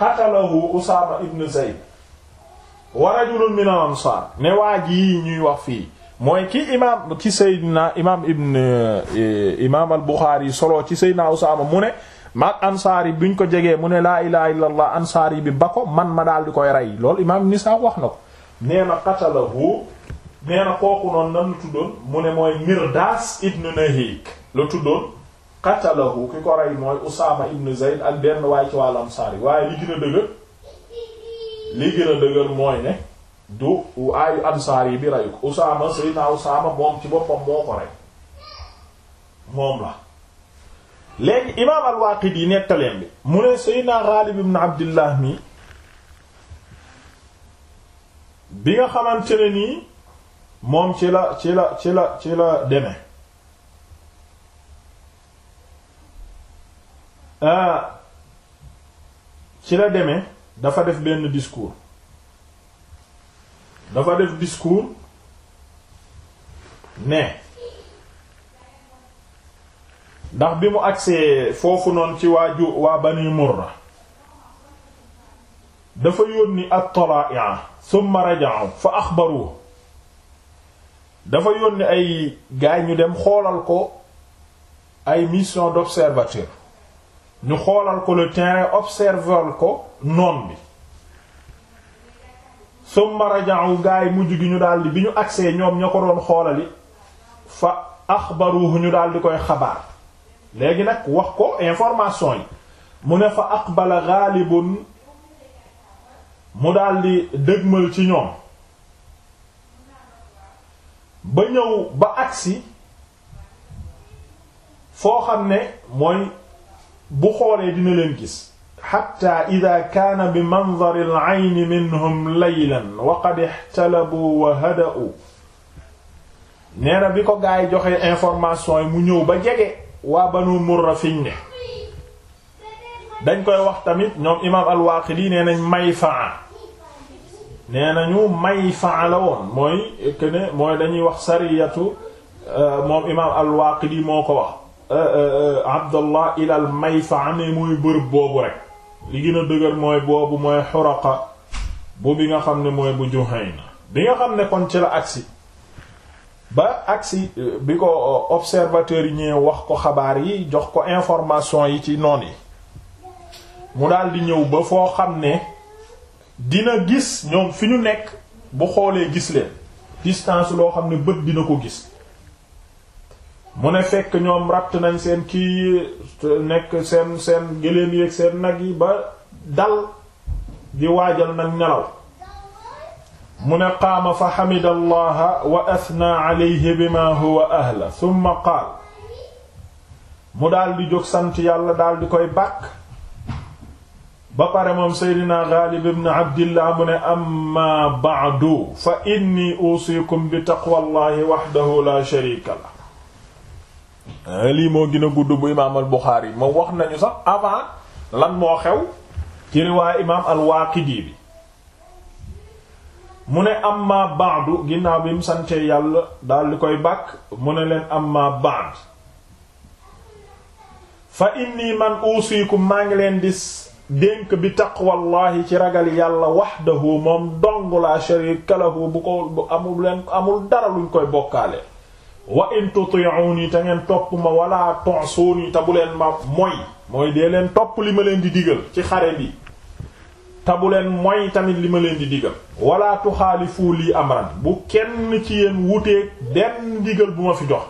qatalahu Usaama ibn Zayd wa rajulun min al ansaar ne waa ji ñuy wax fii mooy ki imaam ci Seydina imaam ibn e, imaam al Buxaari solo ci Seydina Usaama mu ne maag ansaar yi ko jegee mu ne laa ilaaha illallaah ansaar yi bi ba man ma daal di koy rey loolu imaam ibn wax na ko. nee na qatalahu nee na kooku noonu nan la tuddoon mu ne mooy mirdaas ibn nahik la tuddoon qatalahu ki ko rey mooy usaama ibn zayd ak benn waaye ci wàllu ansaar yi waaye li gën a dëgër li gën dëgër mooy ne du aayu ansaar yi bi reyu ko usaama sayyidina usaama moom ci boppam moo ko rey moom la léegi imaam al-Waaqidi nettaleen bi mu ne sayyidina Gaalib ibn Abdillah mi bi nga xamante ne nii moom ci la ci la ci la ci la deme ah ci la deme dafa def benn discours dafa def discours ne ndax bi mu agsee foofu noonu ci waa ju waa Bani la dafa yónni at-talaa'i'a a raja'u fa axbaruhu dafa yónni ay gaay ñu dem xoolal ko ay mission d'observateur ñu xoolal ko le terrain observer ko noon bi summa raja'u gaay mujj gi ñu daldi bi ñu agsee ñoom ña ko doon xoolali fa axbaruhu ñu daldi koy xabaar léegi nag wax ko information yi mu ne fa aqbala ghalibun mu daldi dëgmal ci ñoom ba ñëw ba agsi foo xam ne mooy bu xoolee dina leen gis xatta ida kaana bi mandari al ayni minhum laylan wa qad ixtalabu wa hada'u nee bi ko gaay joxe information yi mu ñëw ba jege waa banu murra fiñ ne dañ koy wax tamit ñoom imaam al-Waaqidi nee nañ Mayfaa nee nañu Mayfaa la woon mooy que mooy dañuy wax sariyatu euh, moom imaam al-Waaqidi moo ko wax euh, euh, Abdallah ilal Mayfaa ne mooy bërëb boobu rek li gën a dëgër mooy boobu mooy Xuraqa bu bi nga xam ne mooy bu Juhayna bi nga xam ne kon ci la agsi ba agsi bi ko observateur yi ñëwee wax ko xabaar yi jox ko information yi ci noon yi mu daal di ñëw ba foo xam ne dina gis ñoom fi ñu nekk bu xoolee gis leen distance loo xam ne bët dina ko gis mu ne fekk ñoom ratt nañ seen kii nekk seen seen gëléem yeeg seen nag yi ba dal di waajal nag nelaw mu ne qaama fa xamida wa athna alayhi bima huwa ahla thumma qaal mu daal jóg sant yàlla daal di koy bàkk ba pare moom seydina Ghalib ibn Abdillah mu ne amma ba'du fa inni usikum bi taqwallahi wahdahu la sharika la eh, lii moo gën gudd bu imaam al Buxaari moom wax nañu sax avant lan moo xew ci riwaay imaam al Waaqidi bi mu ne amma ba'du ginnaaw bi mu sante yàlla daal di koy bàkk mu ne leen amma ba'd fa inni man usikum maa ngi leen di dénk bi taqwallahi ci ragal yàlla waxdahu moom dong la sharika lahu bu ko bu amul leen dara luñ koy bokkaale wa in tuti'uni te ngeen topp ma wala tu'suni te bu leen ma leen topp li ma leen di digal ci xare bi moy tamit li ma leen di digal wala tuxaalifu lii amran bu kenn ci yéen wuteeg benn digal bu ma fi jox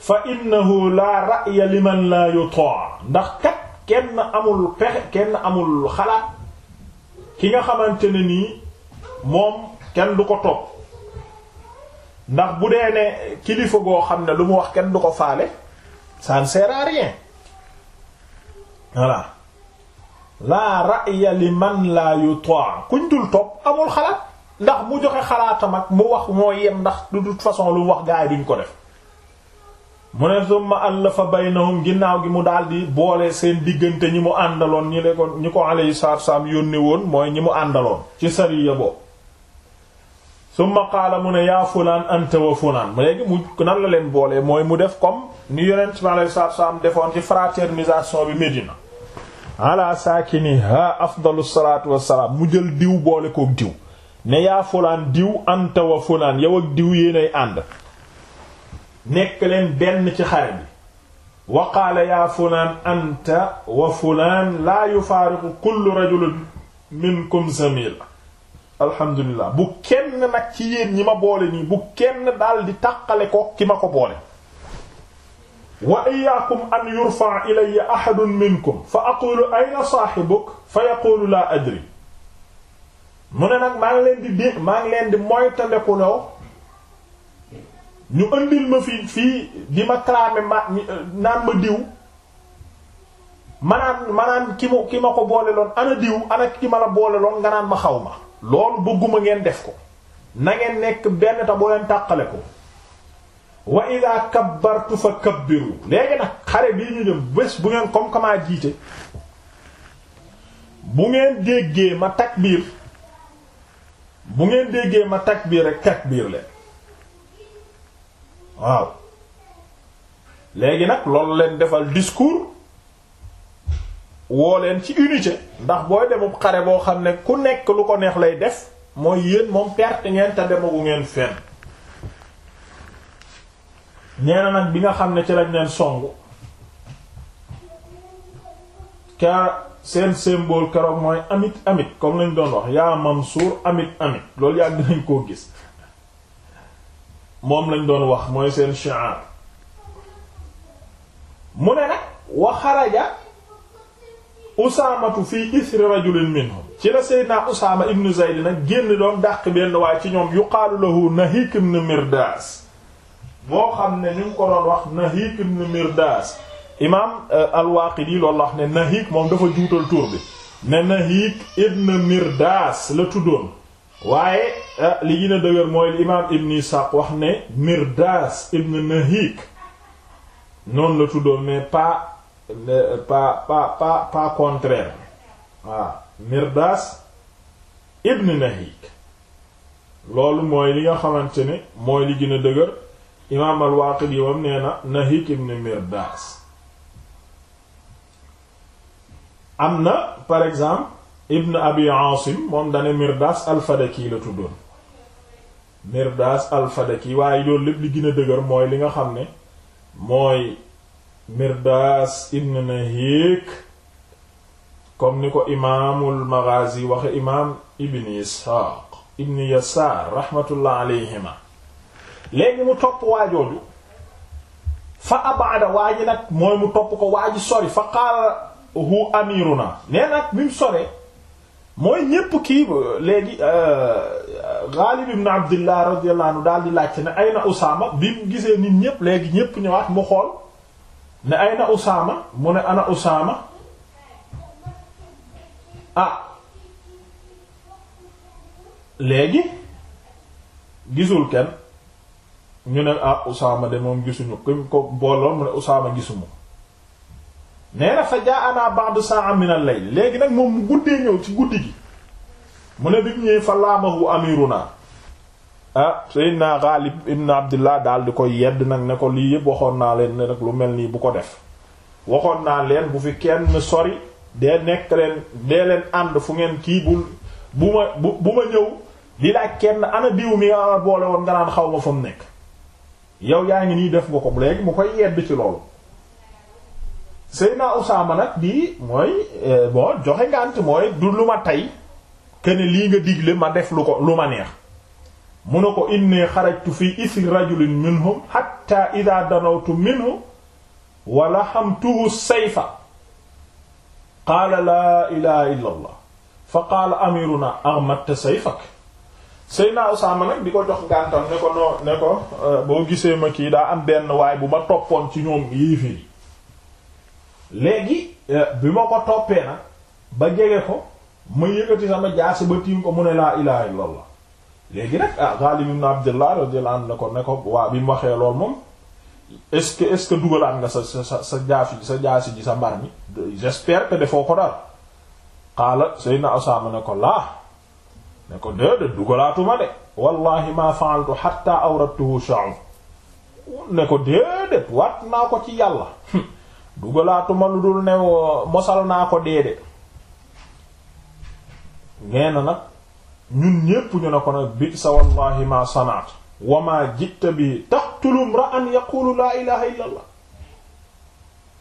fa innahu la ra'ya liman la yuta ndax kat kenn amul pexe kenn amul xalaat ki nga xamante ne nii moom kenn du ko topp ndax bu dee ne kilifa goo xam ne lu mu wax kenn du ko faale ça ne sert à rien voilà la ra'ya li man kuñ dul topp amul xalaat ndax mu joxe xalaatam ak mu wax moo yem ndax du toute façon lu mu wax gaa yi duñ ko def mu ne summa allafa baynahum ginnaaw gi mu daldi boole seen diggante ñi mu àndaloon ñi le ñi ko alayhi salaatu wassalaam yónni woon mooy ñi mu àndaloon ci sariya boobu summa qaala mu ne yaa fulaan anta wa fulaan léegi mu nan la leen boole mooy mu def kom ni yeneen bi alayhi salaatu defoon ci fraternisation bi Médina ala saakinihaa afdalu salaatu wassalaam mu jël diw boole kook diw ne yaa fulaan diw anta wa fulaan yow ak diw yéenay ànd nekk leen benn ci xare bi wa yaa fulaan anta wa fulaan laa yufaariqu kullu rajulin minkum zamiila alhamdulilah bu kenn nag ci yéen ma boole nii bu kenn daal di tàqale ko ki ma ko boole wa iyaakum an yurfa ilayya ahadun minkum fa aqulu ayna saaxibuk fa yaqulu laa adri mu ne nag maa leen di di maa ngi ñu andil ma fii fii di ma clamer ma euh, naan ma diw manaan manaan ki ma ki ma ko boole loon ana diw ana ki ma la boole loon nga naan ma xaw ma loolu bëgguma ngeen def ko na ngeen nekk benn ta boo leen tàqale ko wa ida kabbartu fa kabbiru léegi nag xare bii ñu jëm bés bu ngeen kom comment jiite bu ngeen déggee ma takbiir bu ngeen déggee ma takbiir rek takbiir leen waaw léegi nag loolu leen defal discours woo leen ci unité ndax booy demub xare boo xam ne ku nekk lu ko neex lay def mooy yéen moom perte ngeen te demagu ngeen fenn nee nag bi nga xam ne ci lañ leen songu ka seen symbole keroog mooy amit amit comme lañ doon wax yaa Mansuur amit amit loolu yàgg nañ koo gis moom lañ doon wax mooy seen shi'ar mu ne nag wa xaraja usaamatu fi isri rajulin minhum ci la seydina usaama ibnu zayd génn doon dàq benn waaye ci ñoom yuqaalu lahu nahik ibn mirdaas boo xam ne ñu ngi ko doon wax nahik ibn mirdaas imaam euh, al-Waaqidi loolu wax ne nahik moom dafa juutal tur bi ne nahik ibn mirdaas la tuddoon waaye eh, li gën a dëgër mooy imaam ibn Isaaq wax ne Mirdaas ibn Nahik noonu la tuddoon mais pas euh, pas pas pas pas contraire waaw Mirdaas ibn Nahik loolu mooy li nga xamante ne mooy li gën a dëgër imaam al-Waaqidi moom nee na Nahik ibn Mirdaas am na par exemple ibn abi aasim moom dane mirdaas alfadaki la tuddoon mirdaas alfadaki waaye loolu lépp li gën dëgër mooy li nga xam ne mooy mirdaas ibn nahik comme ni ko imaamul maghazi waxe imaam ibn isxaaq ibn yasaar rahmatullah alayhima léegi mu topp waajooju fa abada waa nag mooy mu topp ko waa sori fa qaala hu amiruna nee nag bi mu sore mooy ñépp kii léegi euh, Ghalib ibn Abdillah radiyallahu anhu daal di laajte ne ayna Usaama bi mu gisee nit ñépp léegi ñépp wax mu xool ne ayna Usaama mu ne ana Usaama ah léegi gisul ken ñu ne ah Usaama de moom gisuñu ku ko booloon mu ne Usaama gisuma nee na fa jaa ana ba'du sa'a min al léegi nag moom mu guddee ñëw ci guddi gi mu ne bi mu ñëwee fa laamahu amiruna ah Seydina Ghalib ibn Abdullah daal di koy yedd nag ne ko lii yëpp waxoon naa leen ne lu mel nii bu ko def waxoon naa leen bu fi kenn sori dee nekk leen dee leen ànd fu ngeen kii bul bu ma bu bu ma ñëw di laaj kenn ana diw mi nga boole woon nga naan xaw ma fa mu nekk yow yaa ngi nii def nga ko léegi mu koy yedd ci loolu Seyna Usaama nag di mooy euh, bon joxe ngànt mooy du lu ma tey kene lii nga digle ma def lu ko lu ma neex mu ne ko inni xarajtu fi isri rajulin minhum hatta idha danawtu minhu wa lahamtuhu sayfa qaala laa ilaha illa fa qaala amiruna aghmatta sayfak Seyna Usaama nag di ko jox ngàntam ne ko noo ne ko euh, boo gisee ma kii daa am benn waay bu ma toppoon ci ñoom yéeféri léegi euh, bi ma ko toppee nag ba jege ko ma yëgati sama jaasi ba tiim ko mu ne laa lool illallah léegi nag ah Ghalib ibn Abdullah radiyallahu anhu ne ko ne ko waa bi mu waxee lool moom est-ce que est-ce que dugalaat nga sa sa sa sa jaasi sa jaasi ji sa mbar mi j'espère defoo ko daal xaala Seydina Usaama ne ko laa ne ko déedéet dugalaatuma de wallahi ma fa'altu hatta awrattuhu sha'u ne ko déedéet waat naa ko ci yàlla dugalaatuma lu dul ne mosal naa ko dee de nee na nag ñun ñépp ñu ne ko nag bi sa wallahi ma sanaat wa jitta bi taqtulu imra'an yaqulu laa ilaha illa allah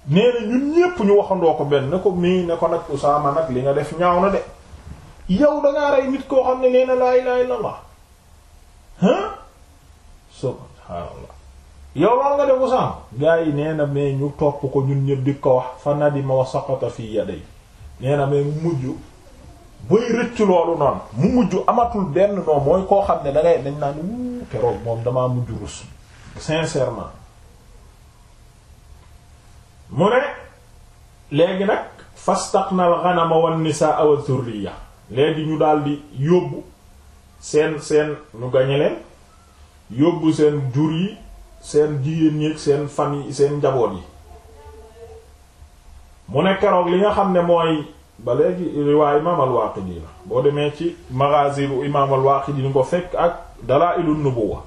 ñun ñépp ñu waxandoo ko benn ne ko mii ne ko nag Usaama nag li nga def ñaaw na de yow dangaa rey nit koo xam ne nee na laa ilaha illa allah ha yow loolu nga defu sànq gars yi nee mais ñu topp ko ñun ñëpp di ko wax fa nadima wa saqata fii yaday nee na mais mu mujj bay rëcc loolu noonu mu mujj amatul benn noonu mooy koo xam ne da ngay dañ naan wuu keroog moom damaa mujj rus sincèrement mu ne léegi nag fastaqnal ghanama wan nisaa wa dhurriya léegi ñu daldi yóbbu seen seen ñu gañe leen yóbbu seen jur yi seen jigéen ñi ak seen famille seen njaboot yi mu ne keroog li nga xam ne mooy ba léegi riwaay imaam al-Waaqidi la boo demee ci Maghaazi bu imaam yi waaqidi ko fekk ak Dalaa'ilun Nubuwwa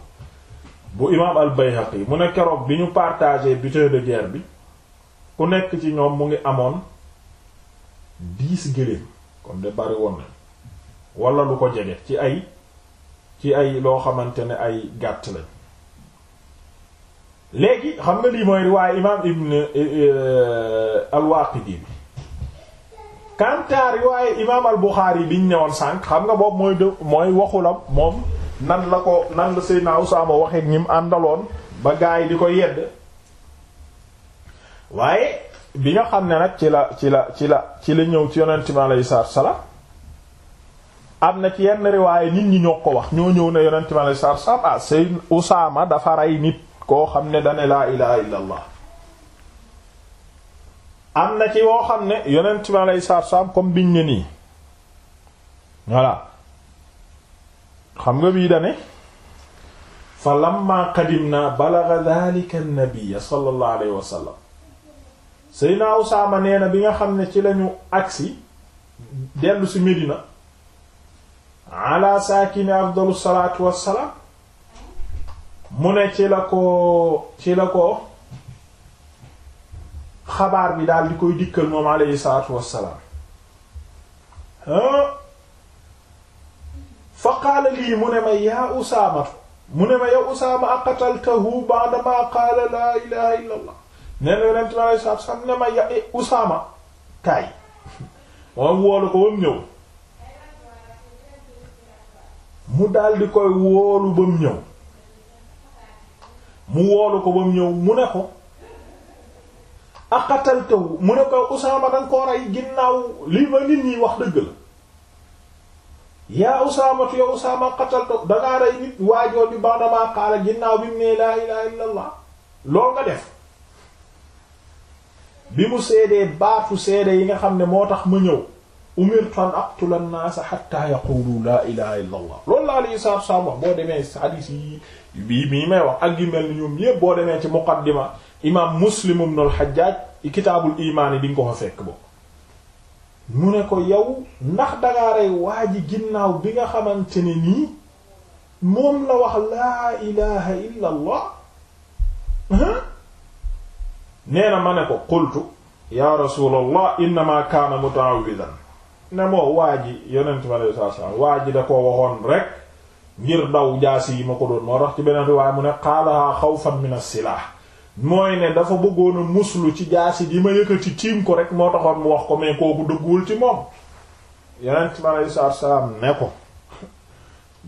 bu imaam al-Bayhaqi mu ne keroog bi ñu partagé butin de guerre bi ku nekk ci ñoom mu ngi amoon dix gëléem kon de bari woon na wala lu ko jege ci ay ci ay loo xamante ne ay gàtt lañ léegi xam nga lii mooy riwaaye imaam ibn euh, euh, al-Waaqidi bi kantaa riwaaye imaam al-Buxaari biñ ñëwoon sànq xam nga boobu mooy mooy waxulam moom nan la ko nan la Seydina Usaama waxee ñim àndaloon ba gaa yi di ko yedd waaye bi nga xam ne nag ci la ci la ci la ci la ñëw ci yonent mi alayhi salaatu salaam am na ci yenn riwaaye nit ñi ñoo ko wax ñoo ñëw na yonent mi alayhi salaatu salaam ah dafa rey nit koo xam ne dane laa ilaha illa allah am na ci woo xam ne yonent bi aleyi salaatu salaam comme biñ ne nii voilà xam nga bii dane fa lamma qadimna balagha dhalika an-nabiy sallallahu Usaama nee na bi nga xam ne ci lañu agsi dellu ci Medina ala saakini afdalu salaatu wassalaam mu ne ci la ko ci la ko xabaar bi daal di koy dikkal moom aleyhi salaatu wassalaam fa qaala lii mu ne ma yaa usaamatu mu ne ma yaa usaama aqataltahu ba'da ma qaala laa ilaha illa allah nee na yonent bi aleyhi salaatu wassalaam ne ma yaa usaama kaay moom woolu ko bam ñëw mu daal di koy woolu bam ñëw mu woolu ko ba mu ñëw mu ne ko aqataltahu mu ne ko Usaama danga ko rey ginnaaw li ma nit ñi wax dëgg la yaa Usaama tu yow Usaama qataltahu dangaa rey nit waajoo bi ba'da maa qaala ginnaaw bi mu laa ilaaha illallaah def bi mu seedee baatu seede yi nga xam ne moo tax ma ñëw umirtu an aqtula an-naasa hattaa yaquulu laa loolu la alayhi salaatu wa salaam boo demee hadiis yi bii mii may wax ak gi mel ni ñoom yépp boo demee ci muqaddima imaam muslim ibn al-Hajjaj kitaabul imaan yi di nga ko fa fekk boobu mu ne ko yow ndax dangaa rey waa ji ginnaaw bi nga xamante ni nii moom la wax laa ilaha illa nee na ma ne ko qultu ya rasulallah innama kaana muta'awwidan ne moo waa ji yonent mi alei sat u waa ji da ko waxoon rek ngir daw jaasi yi ma ko doon moo tax ci beneen riwaay mu ne xaalahaa xawfan min as-silaah mooy ne dafa bëggoon a muslu ci jaasi ji ma yëkkati tiim ko rek moo taxoon mu wax ko mais kooku dëgguwul ci moom yonent mi aleyhi salaatu salaam ne ko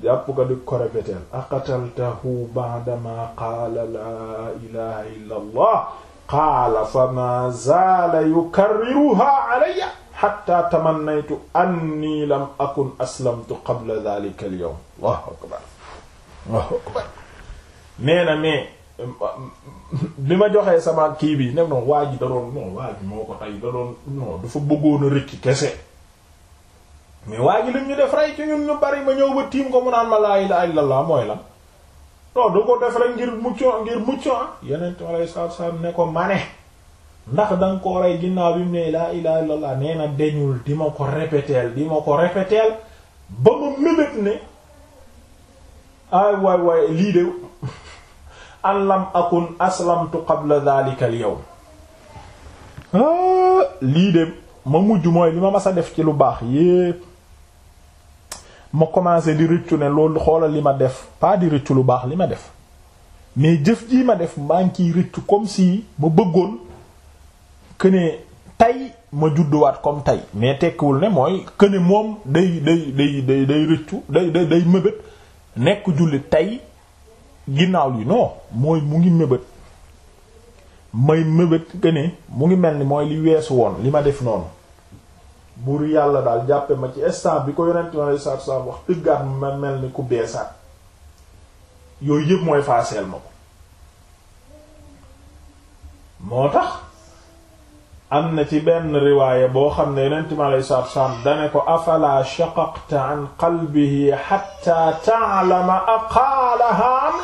jàpp ko di ko répéter aqataltahu ba'dama qaala laa ilaha illa allah fa ma zaala yukarriruha alayya xatta tamannaytu anni lam akun aslamtu qabla dhalika al yawm allahu akbar allahu nee na mais bi ma joxee sama kii bi neg noon waa ji da doon non waa moo ko tey da doon non dafa bëggoon a kese mais waa ji lim ñu def rey ci ñun ñu bari ma ñëw ba tiim ko mu naan ma laa ilaha illallah mooy la non du ko def rek ngir mucc ngir mucc ah yeneen alayhi salaatu salaam ne ko mane ndax danga ko rey ginnaaw bi mu ne laa ilaha illallah nee na deñul di ma ko répéteel di ma ko répéteel ba ma mébét ne ay waay waay lii de an lam akun aslamtu qabla dhalika al ah, lii de ma mujj mooy li ma mas def ci lu baax yépp ma commencé di rëccu ne loolu xoolal li ma def pas di rëccu lu baax li ma def mais jëf jii ma def maa ngi ciy rëccu comme si ma bëggoon këne tey ma judduwaat comme tey mais tekkiwul ne mooy këne moom day day day day day mëbët nekk jullit tey ginnaaw li non mooy mu ngi mëbët may mëbët këne mu ngi mel ni mooy li weesu woon li ma def noonu buur yàlla daal jàppe ma ci instant bi ko yonent ma saab saab wax tëggaat ma mel ni ku beesaat yooyu yëpp mooy faaseel ma ko moo tax am na ci benn riwaaya boo xam ne yonent mi alayhi salaatu salaam dane ko afalaa shaqaqta an qalbihi hatta ta'lama aqaalaha am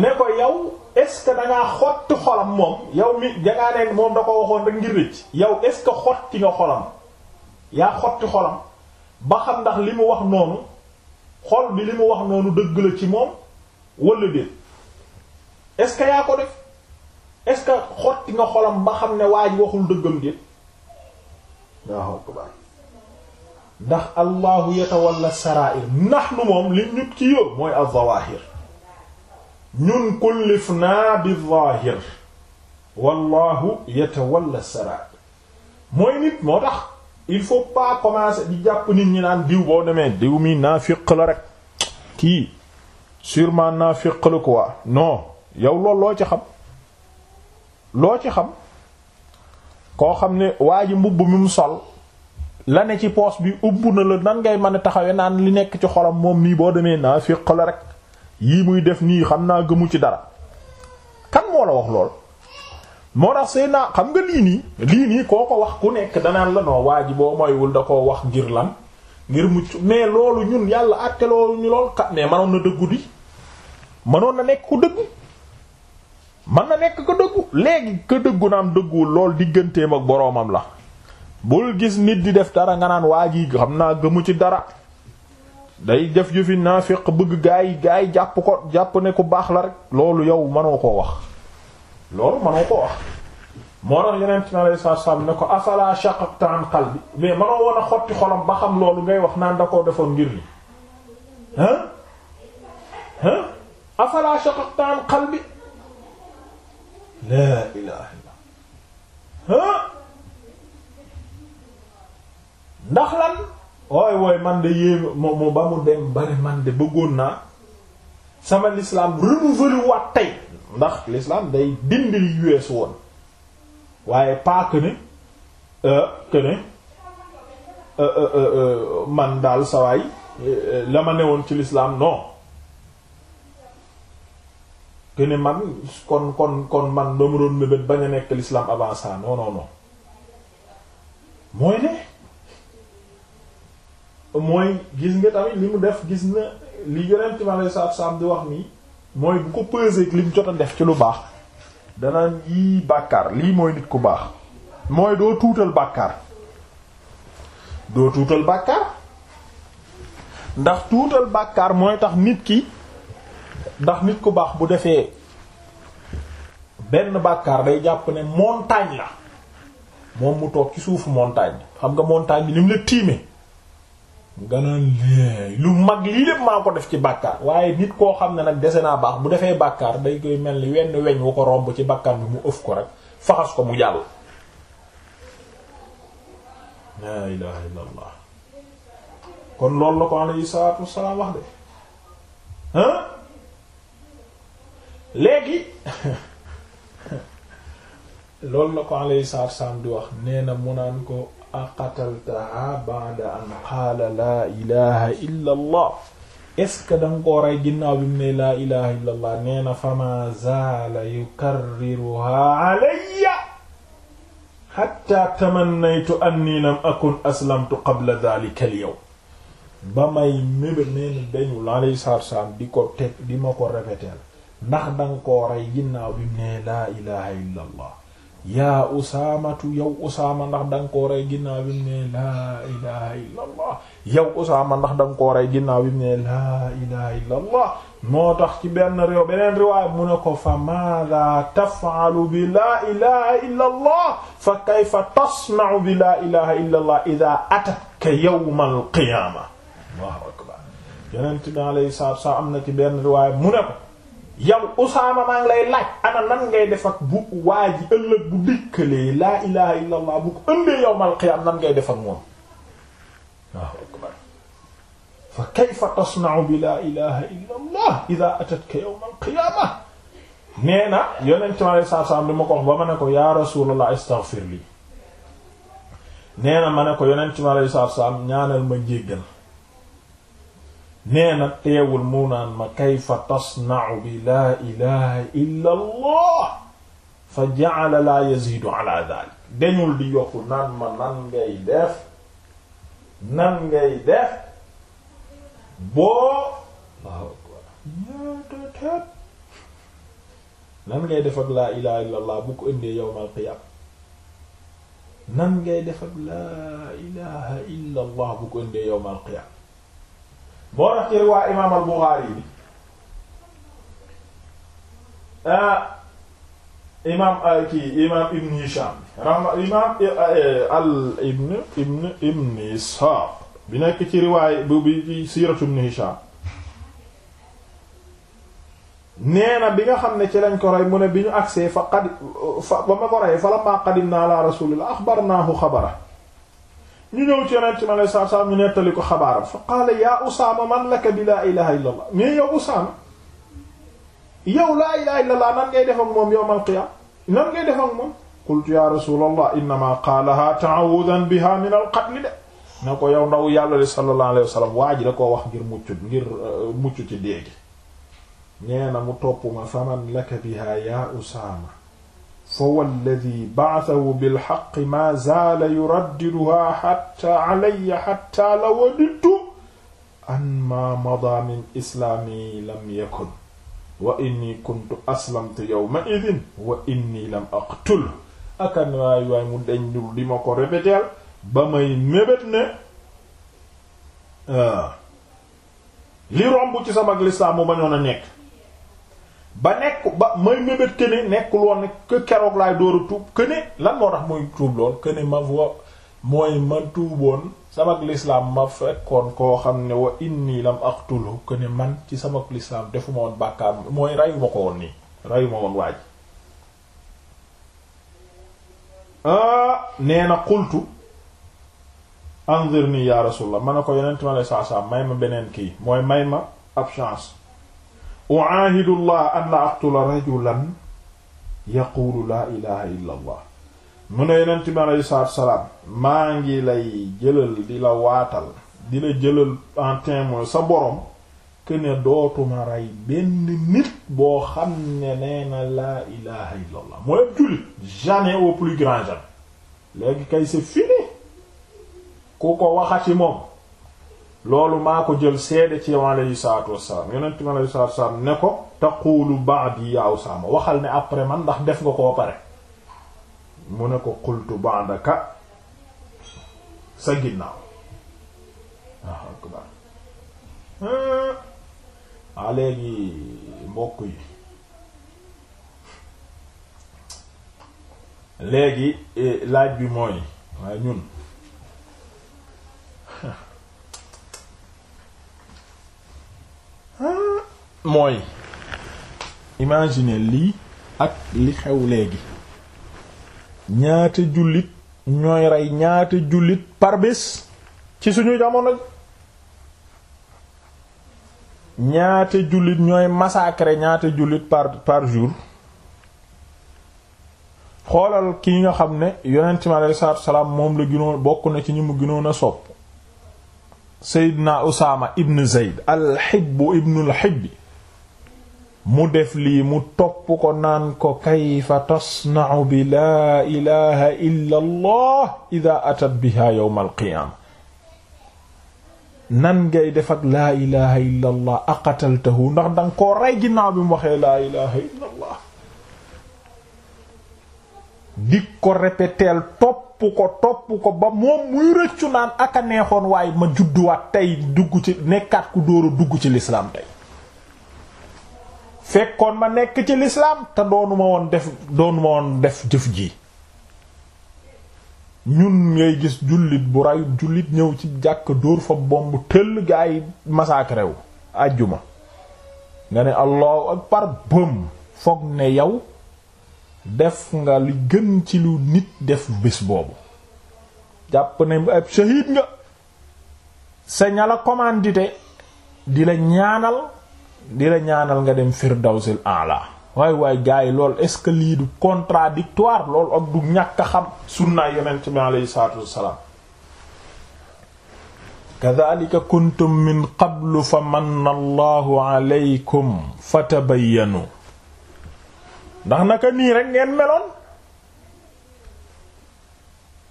ne ko yow est dangaa xotti xolam moom yow mi dangaa ne moom da ko waxoon rek ngir rëcc yow est-ce que xotti nga xolam yaa xotti xolam ba xam ndax li mu wax noonu xol bi li mu wax noonu dëgg la ci moom walla déet est yaa ko def est-ce que xotti nga xolam ba xam ne waa ji waxul dëggam déet waaw akbar ndax allahu yatawalla sarair nahnu moom li ñut ci yow mooy az-zawahir ñun kullifna bi-zahir wallahu yatawalla sarair mooy nit moo tax il faut pas commencer di jàpp nit ñi naan diw boo demee diw mi naafiq la rek kii sûrement naafiq la quoi non yow loolu loo ci xam loo ci xam koo xam ne waa ji mbubb mi mu sol la ne ci poos bi ubb na la nan ngay mën a taxawe naan li nekk ci xolam moom nii boo demee naa fiq la rek yii muy def nii xam naa gëmu ci dara kan moo la wax lool moo tax say naa xam nga lii nii lii nii koo ko wax ku nekk danaan la waa ji boo moywul da koo wax ngir lan ngir mucc mais loolu ñun yàlla àtte loolu ñu lool kat mais mënoon na dëggu di mënoon na nekk ku dëggu man na nekk ko dëggu léegi ko dëggu naam dëgguwul lool digganteem ak boroomam la bul gis nit di def dara nga naan waa ji xam naa gëmu ci dara day def yu fi naafiq bëgg gaa yi gaa yi jàpp ko jàpp ne ku baax la rek loolu yow mënoo ko wax loolu mënoo koo wax moo tax yeneen ci alei satu salaam ne ko afala shaqaqta an qalbi mais mënoo woon a xotti xolam ba xam loolu ngay wax naan da koo defoon ngir ni ah ah afala shaqaqta an qalbi laa ilaha illallah ndax lan ooy wooy man de yéem mu ba mu dem bari man de bëggoon naa sama l'islam renouvelé waat tey ndax lislaam day dindi li weesu woon waaye pas ne euh, que euh, euh, man daal sawaay la ma newoon ci l'islam non que man kon kon kon man dama doon mébét bañ a nekk l'islam avant ça mooy ne mooy gis nga tamit li mu def gis na li yonent mi alayhi salaatu salaam di wax nii mooy bu ko peser li jot a def ci lu baax danaan yii bàkkaar lii mooy nit ku baax mooy doo tuutal bàkkaar doo tuutal bàkkaar ndax tuutal bàkkaar mooy tax nit ki ndax nit ku baax bu defee benn bàkkaar day jàpp ne montagne la moom mu toog ci suufu montagne xam nga montagne bi ni mu la tiime nga naan lu mag lii lépp maa ko def ci bàkkaar waaye nit koo xam ne nag dese naa baax bu defee bàkkaar day koy mel ni wenn weñ wu ko romb ci bàkkaar bi mu ëf ko rek faxas ko mu jàll laa ilaha illa kon loolu la ko alayhi salaatu wassalaam wax de hein léegi loolu la ko alayhi salaatu wassalaam di wax nee na mu naan ko aqataltaha ba'da an qaala laa ilaha illa allah est-ce que danga koo rey ginnaaw bi mu ne laa ilaha illa allah nee na fama zaala yukarriruha alayya hatta tamannaytu anni lam akun aslamtu qabla dhalika al-yawm ba may mébét nee na dañul alayhi salaatu wassalaam di ko teg di ma ko répéter ndax danga koo rey ginnaaw bi mu ne laa ilaha illa allah yaa usaamatu yow usaama ndax danga koo rey ginnaaw bi mu ne laa ilaha illa allah yow usaama ndax danga koo rey ginnaaw bi mu ne laa ilaha illa allah moo tax ci benn réew beneen riwaay mu ne ko fa maada tafaalu bi laa ilaha illa allah fa kayfa tasna'u bi laa ilaha illa allah ida atatka yawma alqiyaama Allahu akbar yeneen ci daal lay saab sa am na ci benn riwaay mu ne ko yow Usaama maa ngi lay laaj ana nan ngay def bu waa ji bu dikkalee laa ilaha illa allah bu ko ëndee yawmal qiyaam nan ngay moom waaw akbar bi laa ilaha illa allah idha atatka yawmal qiyaamah nee na yonent mi salaam dama ko wax ba ma ne ko yaa rasulallah astaghfir lii ma ne ko yonent mi salaam ñaanal ma jéggal nee na teewul mu naan ma kayfa tasna'u bi laa ilaha illa allah fa ja'ala laa yazidu ala dhalik dañul di yokku nan ma nan ngay def nan ngay def boo Allahu akbar ñaatatat nan ngay def ak laa ilaha illa allah bu ko indee yawmal qiyam nan ngay def ak laa ilaha illa allah bu ko indee yawmal qiyam boo tax ci riwaa imaam al Buxaari bi ah, imaam ah, eh, al ibn ibn ibn bi nekk ci riwaay bu bi siiratu Ibn Hisham nee bi nga xam ne ci lañ ko rey mu ne bi ñu agsee fa qad fa ba ma ko rey fa lammaa qadimnaa alaa rasuulillah axbarnaahu xabara ñu ñëw ci yonent mi alayhi salaam ñu nettali ko xabaaram fa qaala yaa Usaama man laka bi laa ilaaha illallah mais yow Usaama yow laa ilaaha illallah nan ngay ak moom yawmal qiyaama nan ngay def moom qultu yaa rasuulallah innamaa qaalahaa ta'awwudan bihaa min al de ne ko yow ndaw yàlla li sallallahu alayhi wa koo wax ngir mucc ngir mucc na mu topp faman laka bihaa yaa Usaama fa walladi ba'athahu bilhaqqi maa zaala yuraddiduhaa hattaa alayya hattaa la wadidtu anmaa madaa min islaami lam yakun wa inni kuntu aslamtu yawma idin wa inni lam aqtul akan waay waay mu deñ dul di ma ko répéteel ba may mébét ne euh, li romb ci sama lislaam mu bañoon a nekk ba nekk ba may mébét que ne woon ne keroog laay door a tuub que ne lan moo tax muy tuub lool que ma wa mooy ma tuuboon sama lislaam ma fekkoon koo xam ne wa inni lam aqtulu que ne man ci sama lislaam defuma woon bàkkaar mooy reyu ko woon nii reyu ma woon waaj ah nee na qultu anzirni ya rasulullah man na ko yeneen saa saa may ma beneen kii mooy may ma ab chance. u'aahidu llah an la rajulan yaqulu laa ilaha illa mu ne yonent bi aleyhi salaatu salaam maa ngi lay jëlal di la waatal di la jëlal en sa borom que ne dootuma rey benn nit boo xam ne nee laa ilaha illa allah mooy ab jullit jamais plus grand jamais léegi kay c'est fini ku ko waxati moom loolu maa ko jël seede ci yow alayhi salaatu wassalaam yonent mi alayhi salaatu wassalaam ne ko taqulu ba'di ya Usaama waxal ne après man ndax def nga koo pare mu ne ko qultu ba'daka sa ginnaaw waaw ah, ah, léegi mbokk yi léegi eh, laaj bi mooy waaye ñun mooy imagine lii ak li xew léegi ñaata jullit ñooy rey ñaata jullit par bés ci suñu jamono ñaata jullit ñooy massacrer ñaata jullit par par jour xoolal kii nga xam ne yonent mi alayhi salaam moom la gënoon bokk na ci ñi mu ginoon a sopp Seydina Usaama ibn Zayd alxibbu ibnul xibbi mu def lii mu topp ko naan ko kayfa tasna'u bi laa ilaha illa allah ida atat biha yowm alqiyaama nan ngay def ak laa ilaha illa allah aqataltahu ndax danga koo rey ginnaaw bi mu waxee laa ilaha illa allah di ko répéteel topp ko topp ko ba moom muy rëccu naan aka neexoon waaye ma judduwaat tey dugg ci nekkaat ku dóor dugg ci lislaam tey fekkoon ma nekk ci lislaam te doonuma woon def doonuma woon def jëf ji ñun ngay gis jullit bu rayut jullit ñëw ci jàkk dóor fa bomb tëll ga ay massacre wu àjjuma nga ne allahu akbar bëm foog ne yow def nga li gën ci lu nit def bés boobu jàpp ne ab shahid nga sa ñala commandité di la ñaanal di la ñaanal nga dem firdawsil ala waay waay gars yi loolu est-ce lii du contradictoire loolu ak du ñàkk a xam sunnaa yonent bi aleyhi salaatu wassalaam kadhalika kuntum min qablu fa manna allahu aleykum fatabayyanu ndax naka nii rek ngeen meloon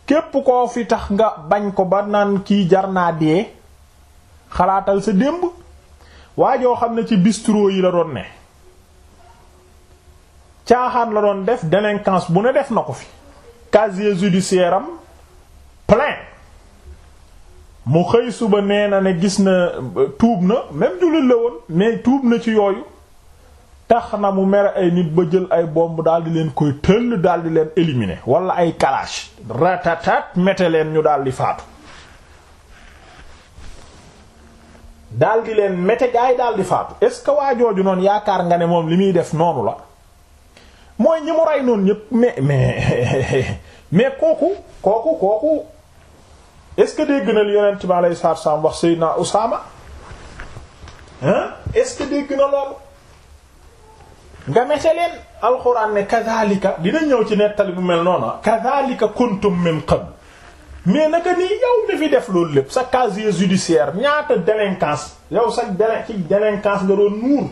képp koo fi tax nga bañ ko ba naan kii jar naa dee xalaatal sa démb waa joo xam ne ci bistro yi la doon ne caaxaan la doon def délinquance bu ne def na ko fi casier judiciaire am plein mu xëy suba nee na ne gis na tuub na même jullit la woon mais tuub na ci yooyu tax na mu mere ay nit ba jël ay bomb daal di leen koy tëll daal di leen éliminer wala ay kalash ratatat mete leen ñu daal di faatu daal di leen mete gaa yi daal di faatu est ce que waa jooju noonu yaakaar nga ne moom li muy def noonu la mooy ñi noonu ñëpp mais mais kooku kooku kooku est ce que dégg na li yonent bi alayhi salaatu salaam wax Seydina Usaama hein est dégg na loolu nga mese leen alxuraan ne kazaalika dina ñëw ci nettali bu mel noona kazaalika kuntum min mais naka nii def loolu lépp sa casier judiciaire ñaata délinquance yow sa délin ci délinquance nga doon nuur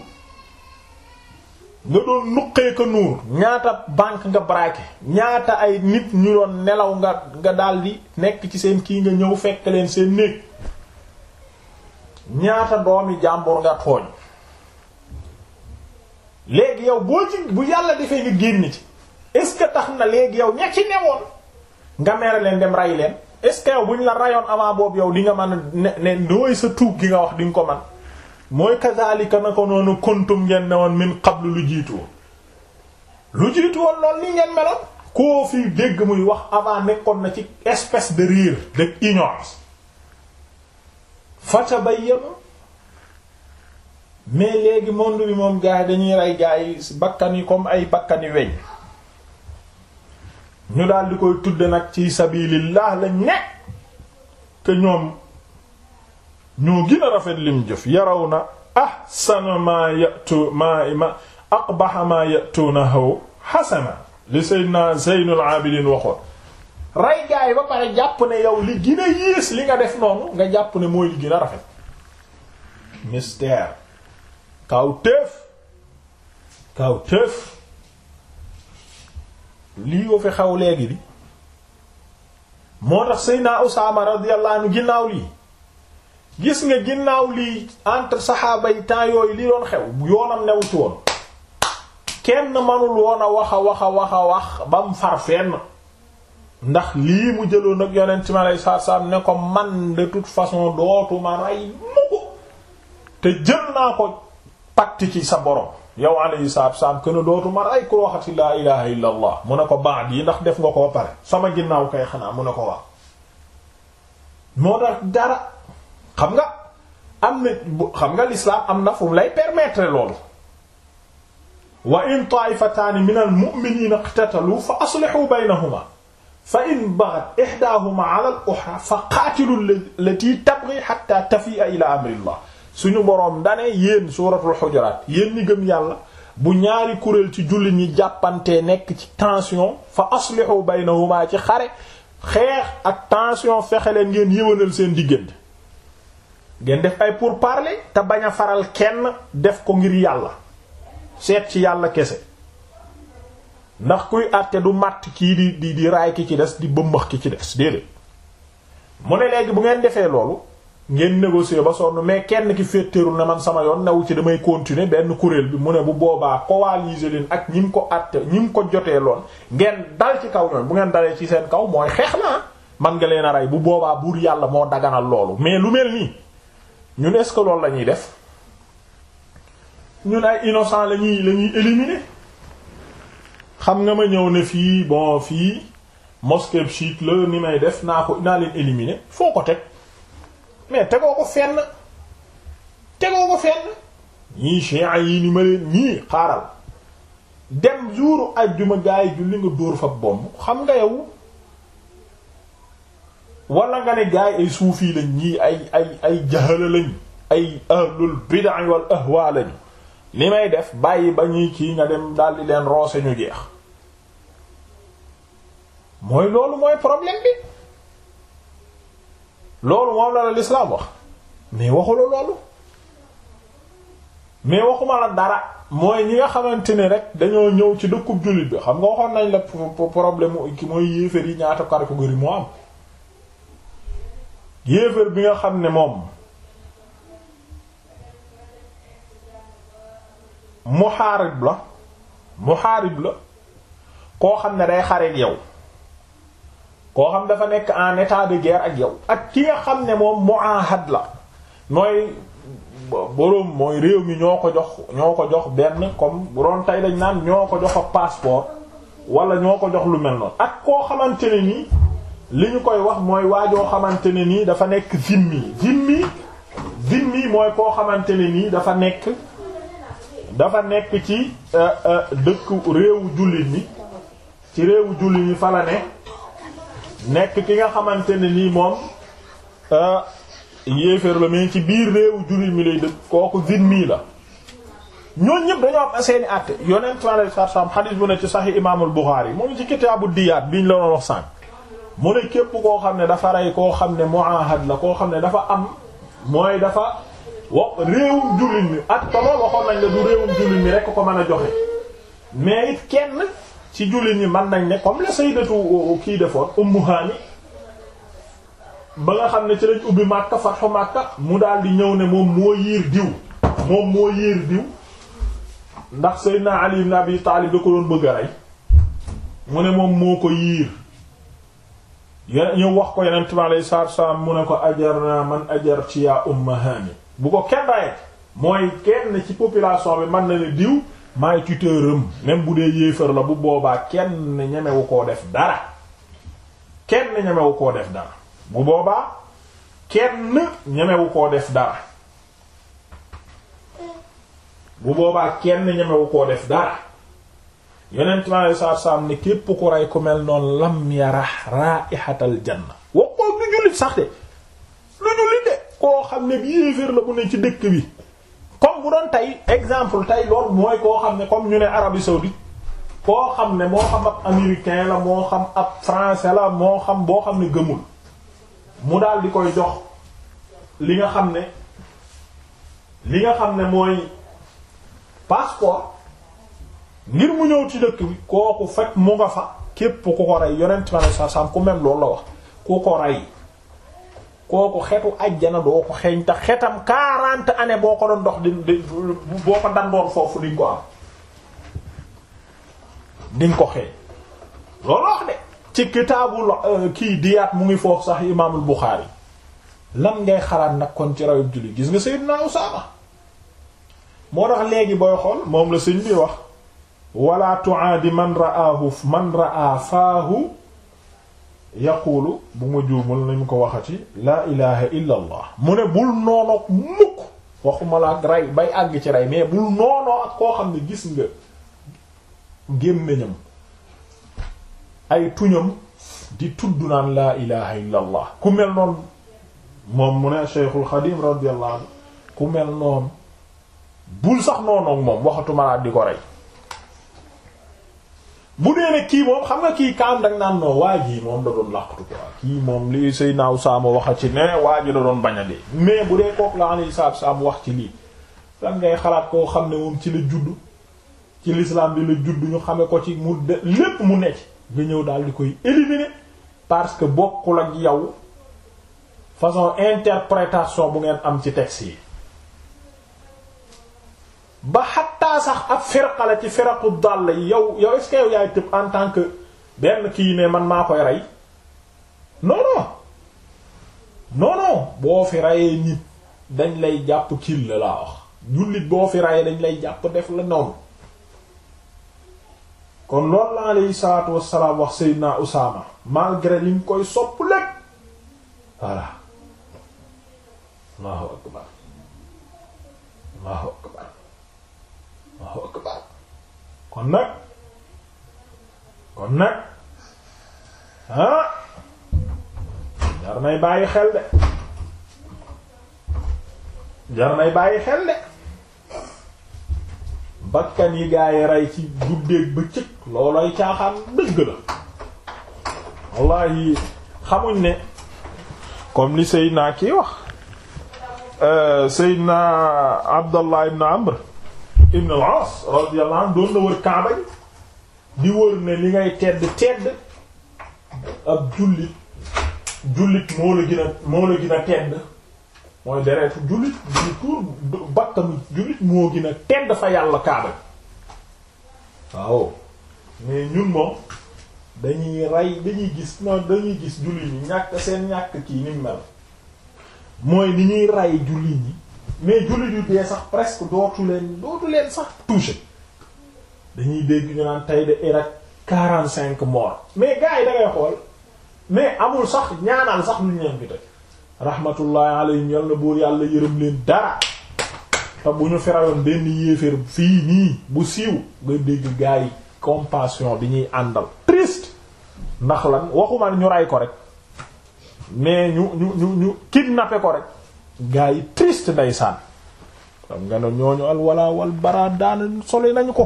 nga nuqee ko nuur ñaata banque nga braqué ñaata ay nit ñu doon nelaw nga nga daldi nekk ci seen kii nga ñëw fekk leen seen néeg ñaata doomi jàmbur nga tooñ léegi yow boo ci bu yàlla defee nga génn ci est-ce que tax na léegi yow ña ci newoon nga mere leen dem ray leen est-ce que bu ñu la rayoon avant boobu yow di nga mën a ne ne sa tuub ki nga wax dinga ko man mooy kazaalika na ko noonu kontum ngeen newoon min qablu lu jiitu lu jiitu woon loolu nii ngeen meloon koo fi dégg muy wax avant nekkoon na ci espèce de rire de ignorance fatabayyanu mais léegi monde bi moom gars yi dañuy rey gars yi bakkan yi comme ay bakkan yu weñ ñu daal di koy tudde nag ci sabilillah lañ ne te ñoom ñoo gën a rafet lim jëf yaraw na ahsana ma yatu ma ma aqbaha na yatuunahu xasana li sayyidina Zaynul Abidin waxoon rey gars yi ba pare jàpp ne yow li gën a li nga def noonu nga jàpp ne mooy li gën rafet mystère kawteef kawteef lii ko fi xaw léegi bi moo tax Seydina Usaama radiyallahu anhu ginnaaw lii gis nga ginnaaw lii entre saxaaba yi temps yooyu li doon xew yoonam newu ci woon kenn manul woon a wax a wax a wax a wax ba mu far fenn ndax lii mu jëloon ak yonent mi alayhi salaatu salaam ne ko man de toute façon dootuma rey mu ko te jël naa ko pacte ci sa borom yow alayhi salaatu salaam kën a dootuma ay ku waxati laa ilaha illa allah mu ne ko baat yi ndax def nga koo pare sama ginnaaw kay xanaa mu ne ko wax moo tax dara xam nga am na xam nga l'islam am na fu lay permettre loolu wa in taifataani min al muminina iqtatalu fa aslixuu baynahuma fa in baghat ihdaahuma ala al uxra fa qaatilu allati tabghi hatta tafi'a ila amrillah suñu boroom dane yéen suuratul xujuraat yéen ñi gëm yàlla bu ñaari kuréel ci jullit ñi jàppante nekk ci tension fa bay na baynahuma ci xare xeex ak tension fexe leen ngeen yëwanal seen diggante ngeen def ay pourparlers te bañ a faral kenn def ko ngir yàlla seet ci yàlla kese ndax kuy àtte du màtt kii di di di raay ki ci des di bëmbax ki ci des déedéet mu ne léegi bu ngeen defee loolu ngeen négocier ba sonn mais kenn ki féeteeru na man sama yoon newu ci damay continuer benn kuréel bi mu ne bu boobaa coaliser leen ak ñi mu ko àtte ñi mu ko jotee loon ngeen dal ci kaw ñoom bu ngeen dalee ci seen kaw mooy xeex naa man nga leen a rey bu boobaa buur yàlla moo daganal loolu mais lu mel nii ñun est-ce que loolu def ñun ay innocent la ñuy la ñuy éliminer xam nga ma ñëw ne fii bon fii mosquée chiite la ni may def naa ko naa leen éliminer foo ko te mais tegoo ko fenn tegoo ko fenn ñii chia yi ni ma leen ñii xaaral dem jouru ajjuma gaa yi julli nga dóor fa bomb xam nga yow wala nga ne gaa ay suufi lañ ñii ay ay ay jahala lañ ay ahlul bid'a wal ahwa lañu li may def bàyyi ba ñuy kii nga dem daldi leen roose ñu jeex mooy loolu mooy problème bi loolu moom la la lislaam wax mais waxu la loolu mais waxuma la dara mooy ñi nga xamante ne rek dañoo ñëw ci dëkkub jullit bi xam nga waxoon nañ la problème ki mooy yéeféer yi ñaata catégorie moo am yéeféer bi nga xam ne moom muhaarib la muhaarib la koo xam ne day xareek yow koo xam dafa nekk en état de guerre ak yow ak ki nga xam ne moom muahad la mooy boroom mooy réew mi ñoo ko jox ñoo ko jox benn comme bu doon tey dañ naan ñoo ko jox ak passeport wala ñoo ko jox lu mel noonu ak koo xamante ne nii li ñu koy wax mooy waajoo xamante ne nii dafa nekk zimmi zimmi zimmi mooy koo xamante ne nii dafa nekk dafa nekk ci euh, euh, dëkk réewu jullit ñi ci réewu jullit ñi fa la ne nekk ki nga xamante ne nii moom ah, yéeféer la mais ci biir réewu jullit mi lay dëkk kooku mii la ñooñu ñëpp dañoo am seeni àtte yonent sallallahu alayhi wasallam xadiis bu ne ci Sahih Imaamul Buxaari mu ngi ci kitaabu diyaat biñ la doon wax sànq mu ne képp koo xam ne dafa rey koo xam ne muahad la koo xam ne dafa am mooy dafa wa réewum jullit mi ak toloo waxoon nañ la du réewum jullit mi rek ko mën a joxe mais kenn. ci jullit yi man nag ne comme la sayyidatu kii defoon Ummu Hani ba nga xam ne ci lañ ubbi Makka fathu Makka mu daal di ñëw ne moom moo yiir diw moom moo yiir diw ndax Seydina Ali ibn Abi Taalib da ko doon bëgg a rey mu ne moom moo ko yiir ya ñu wax ko Yonent bi alayhi salaatu wa mu ne ko ajarna man ajarti yaa Ummu Hani bu ko kenn rey mooy kenn ci population bi man na ne diw maay tuteuram même bu dee yéefar la bu boobaa kenn ñemewu koo def dara kenn ñemewu koo def dara bu boobaa kenn ñemewu koo def dara bu boobaa kenn ñemewu koo def dara yonent mi alei saatu salaam képp ku rey ku mel noonu lam yara raihatal janna wax ko ñu jullit sax de koo xam ne bi yéefar la bu ne ci dëkk bi bu doon tey exemple tey loolu mooy koo xam ne comme ñu ne Arabie saoudite koo xam ne moo xam ab américain la moo xam ak français la moo xam boo xam ne gëmul mu daal di koy jox li nga xam ne li nga xam ne mooy passeport ngir mu ñëw ci dëkk bi kooku fekk mu nga fa képp ku ko rey yonent ma ne sa sam ku même loolu la wax ku ko rey kooku xetu ajjana doo ko xeeñ te xetam quarante années boo ko doon dox di boo ko dandoon foofu diñ ko am diñ ko xeeñ loolu wax de ci kitaabul euh, kii diyaat mu ngi foofu sax imaamul Buxaari lan ngay xalaat nag kon ci rawib julli gis nga Seydina Usaama moo tax léegi booy xool moom la sëñ bi wax wala tuaadi man raahu man raa faahu yaquulu bu ma juumul nañu ko waxati laa ilaha illa mu ne bul noonoog mukk waxuma la ak rey bay àgg ci rey mais bul noonoo ak koo xam ne gis nga gémmiñam ay tuñam di tudd naan laa ilaha illa ku mel noonu moom mu ne Cheikhul Xadim radiyallahu anhu ku mel noonu bul sax noonoog moom waxatuma laa di ko rey bu dee ne kii moom xam nga kii kaam dag naan noo waa ji moom la doon làqatu quoi kii moom li say naaw saama wax a ci ne waa ji la doon bañ a dee mais bu dee kooku la alayhi salaatu salaam wax ci lii lan ngay xalaat koo xam ne moom ci la judd ci l'islam bi la judd ñu xame ko ci mu de lépp mu nekk nga ñëw daal di koy éliminer parce que bokkul ak yow façon interprétation bu ngeen am ci texte yi ba xattaa sax ab firqa la ci firaqu dàll yi yow yow est yaay tëb en tant que benn kii ne man maa koy rey non non boo fi reyee nit dañ lay jàpp kil la laa wax jullit boo fi reyee dañ lay jàpp def la noonu kon loolu la alayhi salaatu wassalaam wax Seydina Usaama malgré li koy sopp lépp voilà Allahu akbar Allahu Allahu akbar kon nag kon nag ah jar nay bàyyi xel de jar nay bàyyi xel de bakkan yi gaa yi ci guddeeg bëccëg loolooy caaxaan dëgg la wallahi xamuñ ne comme li Seydina kii wax euh, Seydina Abdallah ibn Amr ibn al-As radiyallahu doon na wër Kaaba ji di wër ne li ngay tedd tedd ab jullit jullit moo la gën a moo la gën a tedd mooy deretu jullit di tuur bakkanu jullit moo gën a tedd fa yàlla Kaaba ji waaw mais ñun moom dañuy rey dañuy gis noonu dañuy gis jullit ñi ñàkk seen ñàkk kii ni mel mooy ni ñuy rey jullit ñi mais jullit yu dee sax presque dootu leen dootu leen sax touché dañuy dégg ñu naan tey de Irak quarante cinq morts mais gars yi da xool mais amul sax ñaanal sax lu ñu leen bi teg rahmatullahi alayhim yal na buur yàlla yërëm leen dara te bu ñu ferayoon benn yéeféer fii nii bu siiw nga dégg gars yi compassion bi ñuy àndal triste ndax lan waxuma ñu rey ko rek mais ñu ñu ñu ñu kidnappé ko rek gaa yi triste ndeysaan xam nga ne ñooñu alwala wal bara daan soli nañu ko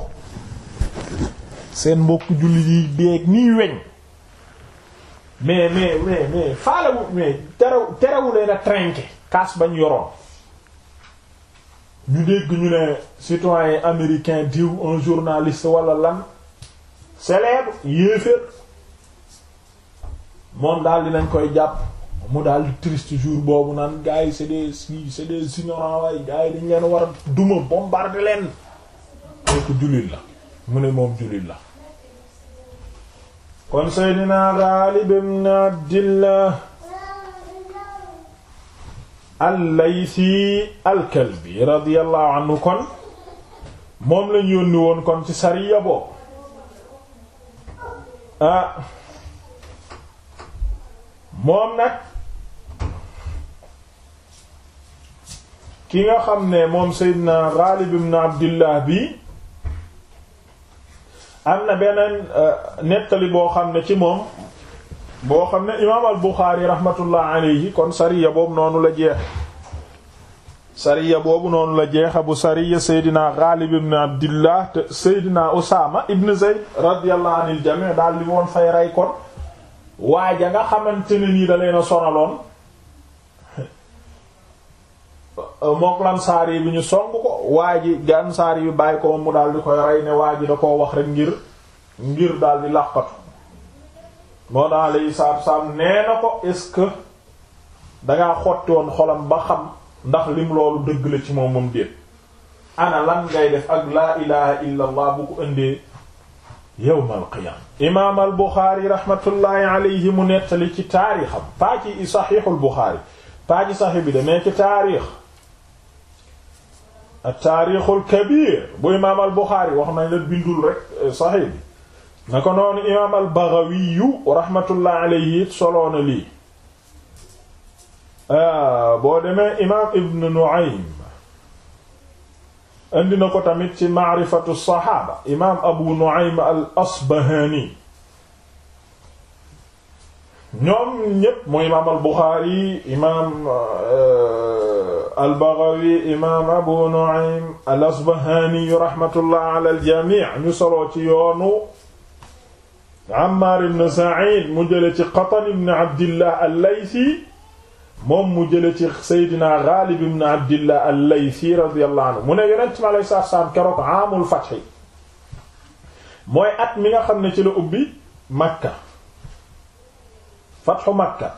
seen mbokk jullit yi deeg nii weñ mais mais mais mais faalawu mais terew terewuleen a trinqué kaas bañ yoroon ñu dégg ñu ne citoyen américain diw un journaliste wala lan célèbre yéeféer moom daal dinañ koy jàpp mu daal triste jour boobu naan gars yi c'est des c'est des ignorants waay gars yi war a duma bombarder leen kooku jullit la mu ne moom jullit la kon Seydina Ghalib ibn Abdillah al-Laythi al-Kalbi radiyallahu anhu kon moom lañ yónni woon kon ci sariya boobu ah, moom nag ki nga xam ne moom Seydina Ghalib ibn Abdillah bi am na beneen euh, nettali boo xam ne ci moom boo xam ne imaam al Buxaari rahmatullah alayhi kon sariya boobu noonu la jeex sariya boobu noonu la jeexa bu sariya Seydina Ghalib ibn Abdillah te Seydina Usaama ibn Zayd radiyallahu anil jami' daal li woon fay rey kon waaja nga xamante ne nii da leen Euh, mook lansaar yi bi ñu song ko waa ji gansaar yi bàyyi ko mu daal di koy rey ne waa ji da koo wax rek ngir ngir daal di làqatu moo naa lay saab-saab nee na ko est-ce que dangaa xotti woon xolam ba xam ndax lim loolu dëgg la ci moom moom déet ana lan ngay def ak laa ilaha illa bu ko indee yawmal qiyaama imaam al buxaari rahmatullahi mu nettali ci taarixam paa ci saxiixul buxaari paa ci saxiix bi demee ci taarix taarixul kabir bu imaam al Buxaari wax nañ la bindul rek eh, saxiix bi na ko noonu imaam al Baghawi rahmatullah alayhi soloo na lii ah, boo demee imaam Ibn Nu'aym indi na ko tamit ci maarifatu saxaaba imaam Abu Nu'aym al Asbahaani ñoom ñépp mooy imaam al Buxaari imaam. Eh, al-Baghawi imaam Abu Nu'aym al-Asbahaani rahmatullah ala al-jamii' ñu soloo ci yoonu Ammaar ibn Sa'iid mu jële ci Qatan ibn Abdillah al-Laysi moom mu jële ci Seydina Gaalib ibn Abdillah al-Laysi radiyallahu anhu mu ne Yonent mi alayhi salaatu salaam keroog aamul fath mooy at mi nga xam ne ci la ubbi Makka fathu Makka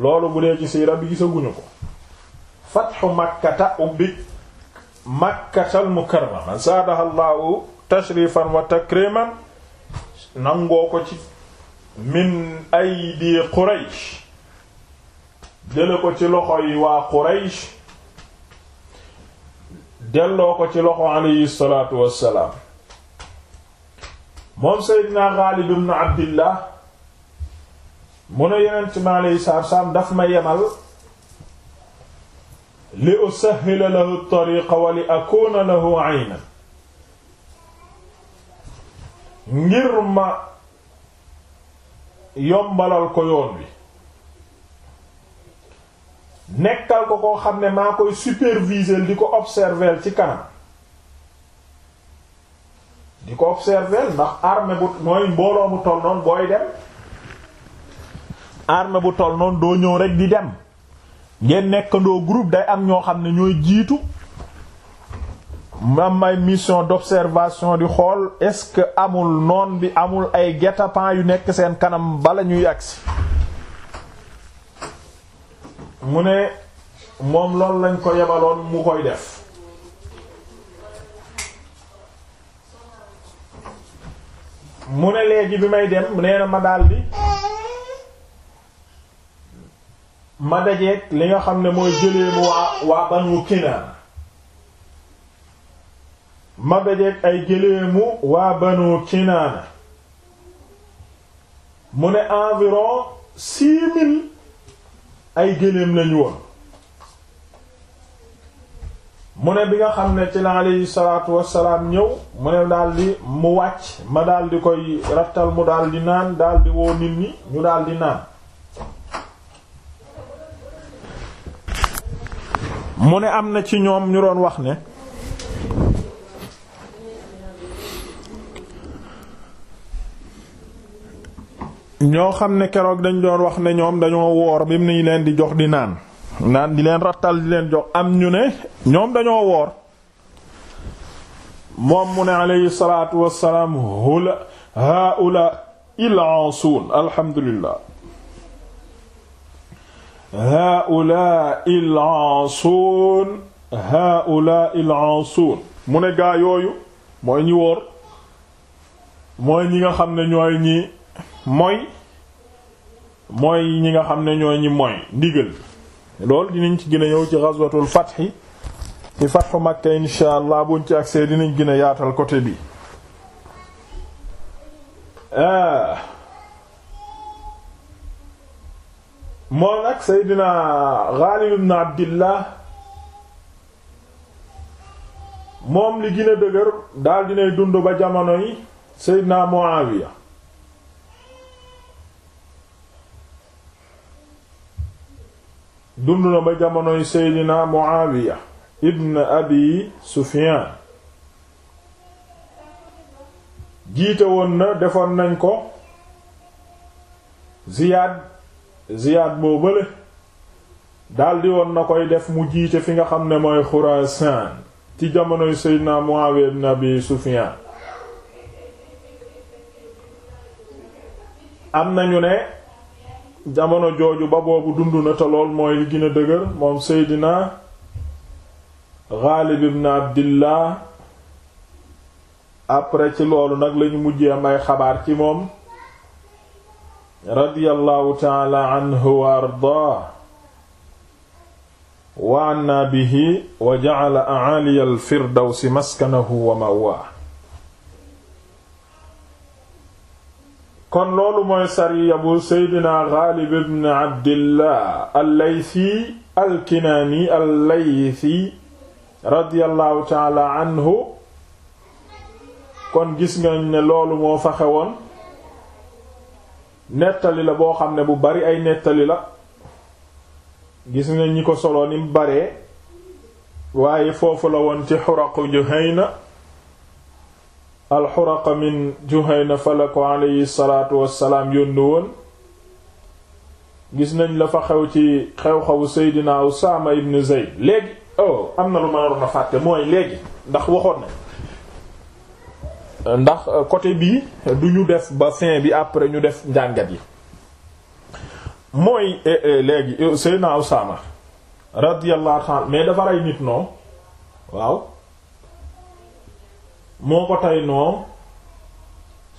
loolu bu dee ci siira bi gisaguñu ko fatxu makkata ubbi makkatal mukarrama zaadaha llaahu tashrifan wa takriman nangoo ko ci min aydi quraysh jële ko ci loxo yi waa quraysh delloo ci loxo alayhi salaatu wassalaam moom seydina Gaalib ibn Abdillah mu ne yonent mi alayhi salaatu daf ma yemal li usahhila lahu tariqa wa li akuna lahu ayna ngir ma yombalal ko yoon wi nekkal ko koo xam ne maa koy superviser di ko observer ci kanam di ko observer ndax armée bu mooy mbooloo toll noonu booy dem armée bu toll noonu doo ñëw rek di dem ngeen nekkandoo groupe day am ñoo xam ne ñooy jiitu am may mission d'observation di xool est-ce que amul noon bi amul ay guet-apens yu nekk seen kanam bala ñuy agsi mu ne moom loolu lañ ko yebaloon mu koy def mu ne léegi bi may dem nee ma daldi ma dajeek li nga xam ne mooy gëléemu waa waa banu kinaana ma dajeek ay gëléemu waa banu kinaana mu ne environ six mille ay gëléem lañu woon mu ne bi nga xam ne ci la alayhi salaatu wassalaam ñëw mu ne daldi mu wàcc ma daldi koy rattal mu daldi naan daldi woo nit ñi ñu daldi naan mu ne am na ci ñoom ñu doon wax ne ñoo xam ne keroog dañ doon wax ne ñoom dañoo woor bi mu leen di jox di naan naan di leen rattal di leen jox am ñu ne ñoom dañoo woor moom mu ne alayhi salaatu wassalaam hula haula il ansuun alhamdulillah haa'ulaa'i al-'aasuun haa'ulaa'i al-'aasuun mu ne gaa yooyu mooy ñi wóor mooy ñi nga xam ne ñooy ñi mooy mooy ñi nga xam ne ñooy ñi mooy ndigal loolu dinañ ci gën a ñëw ci ghazwatul fath ci fathu Makka insha allah buñ ci agsee dinañ gën a yaatal côté bi ah moom nag Seydina Ghalib ibn Abdillah moom li gën a dëgër daal dinay dund ba jamono yi Seydina Muawiya dund na ba jamono yi Seydina Muawiya ibn Abi Sufyan jiite woon na defoon nañ ko Ziyad Ziyaad boo bële daldi woon na koy def mu jiite fi nga xam ne mooy Xuraasaan ci jamonoy Seydina Muawiya ibn Abi Sufyaan am nañu ne jamono jooju ba boobu dund na te lool mooy li gën a dëgër moom Seydina Gaalib ibn après ci loolu nag lañu mujjee am ay xabaar ci moom radiyallahu taala anhu wa ardaa wa anna bihi wa ja'ala a'aliya al-firdawsi maskanahu wa ma'waa kon loolu mooy sariya bu seydina Gaalib ibn Abdillah al-Laythi al-Kinaani al-Laythi radiyallahu taala anhu kon gis nga ne loolu moo fa xewoon nettali la boo xam ne bu bari ay nettali la gis nga ñi ko solo ni mu baree waaye foofu la woon ci xuraqu Juhayna alxuraqa min Juhayna fala ko alayhi salaatu wassalaam yónni woon gis nañ dafa xew ci xew-xewu Seydina Usaama ibn Zayd léegi oh am na lu ma naroon a fàtte mooy léegi ndax waxoon nañ ndax euh, côté bii euh, du ñu def ba fin bi après ñu def njàngat yi mooy euh, léegi Seydina Usaama radiyallahu ta'ala mais dafa rey nit noo waaw moo ko tey noo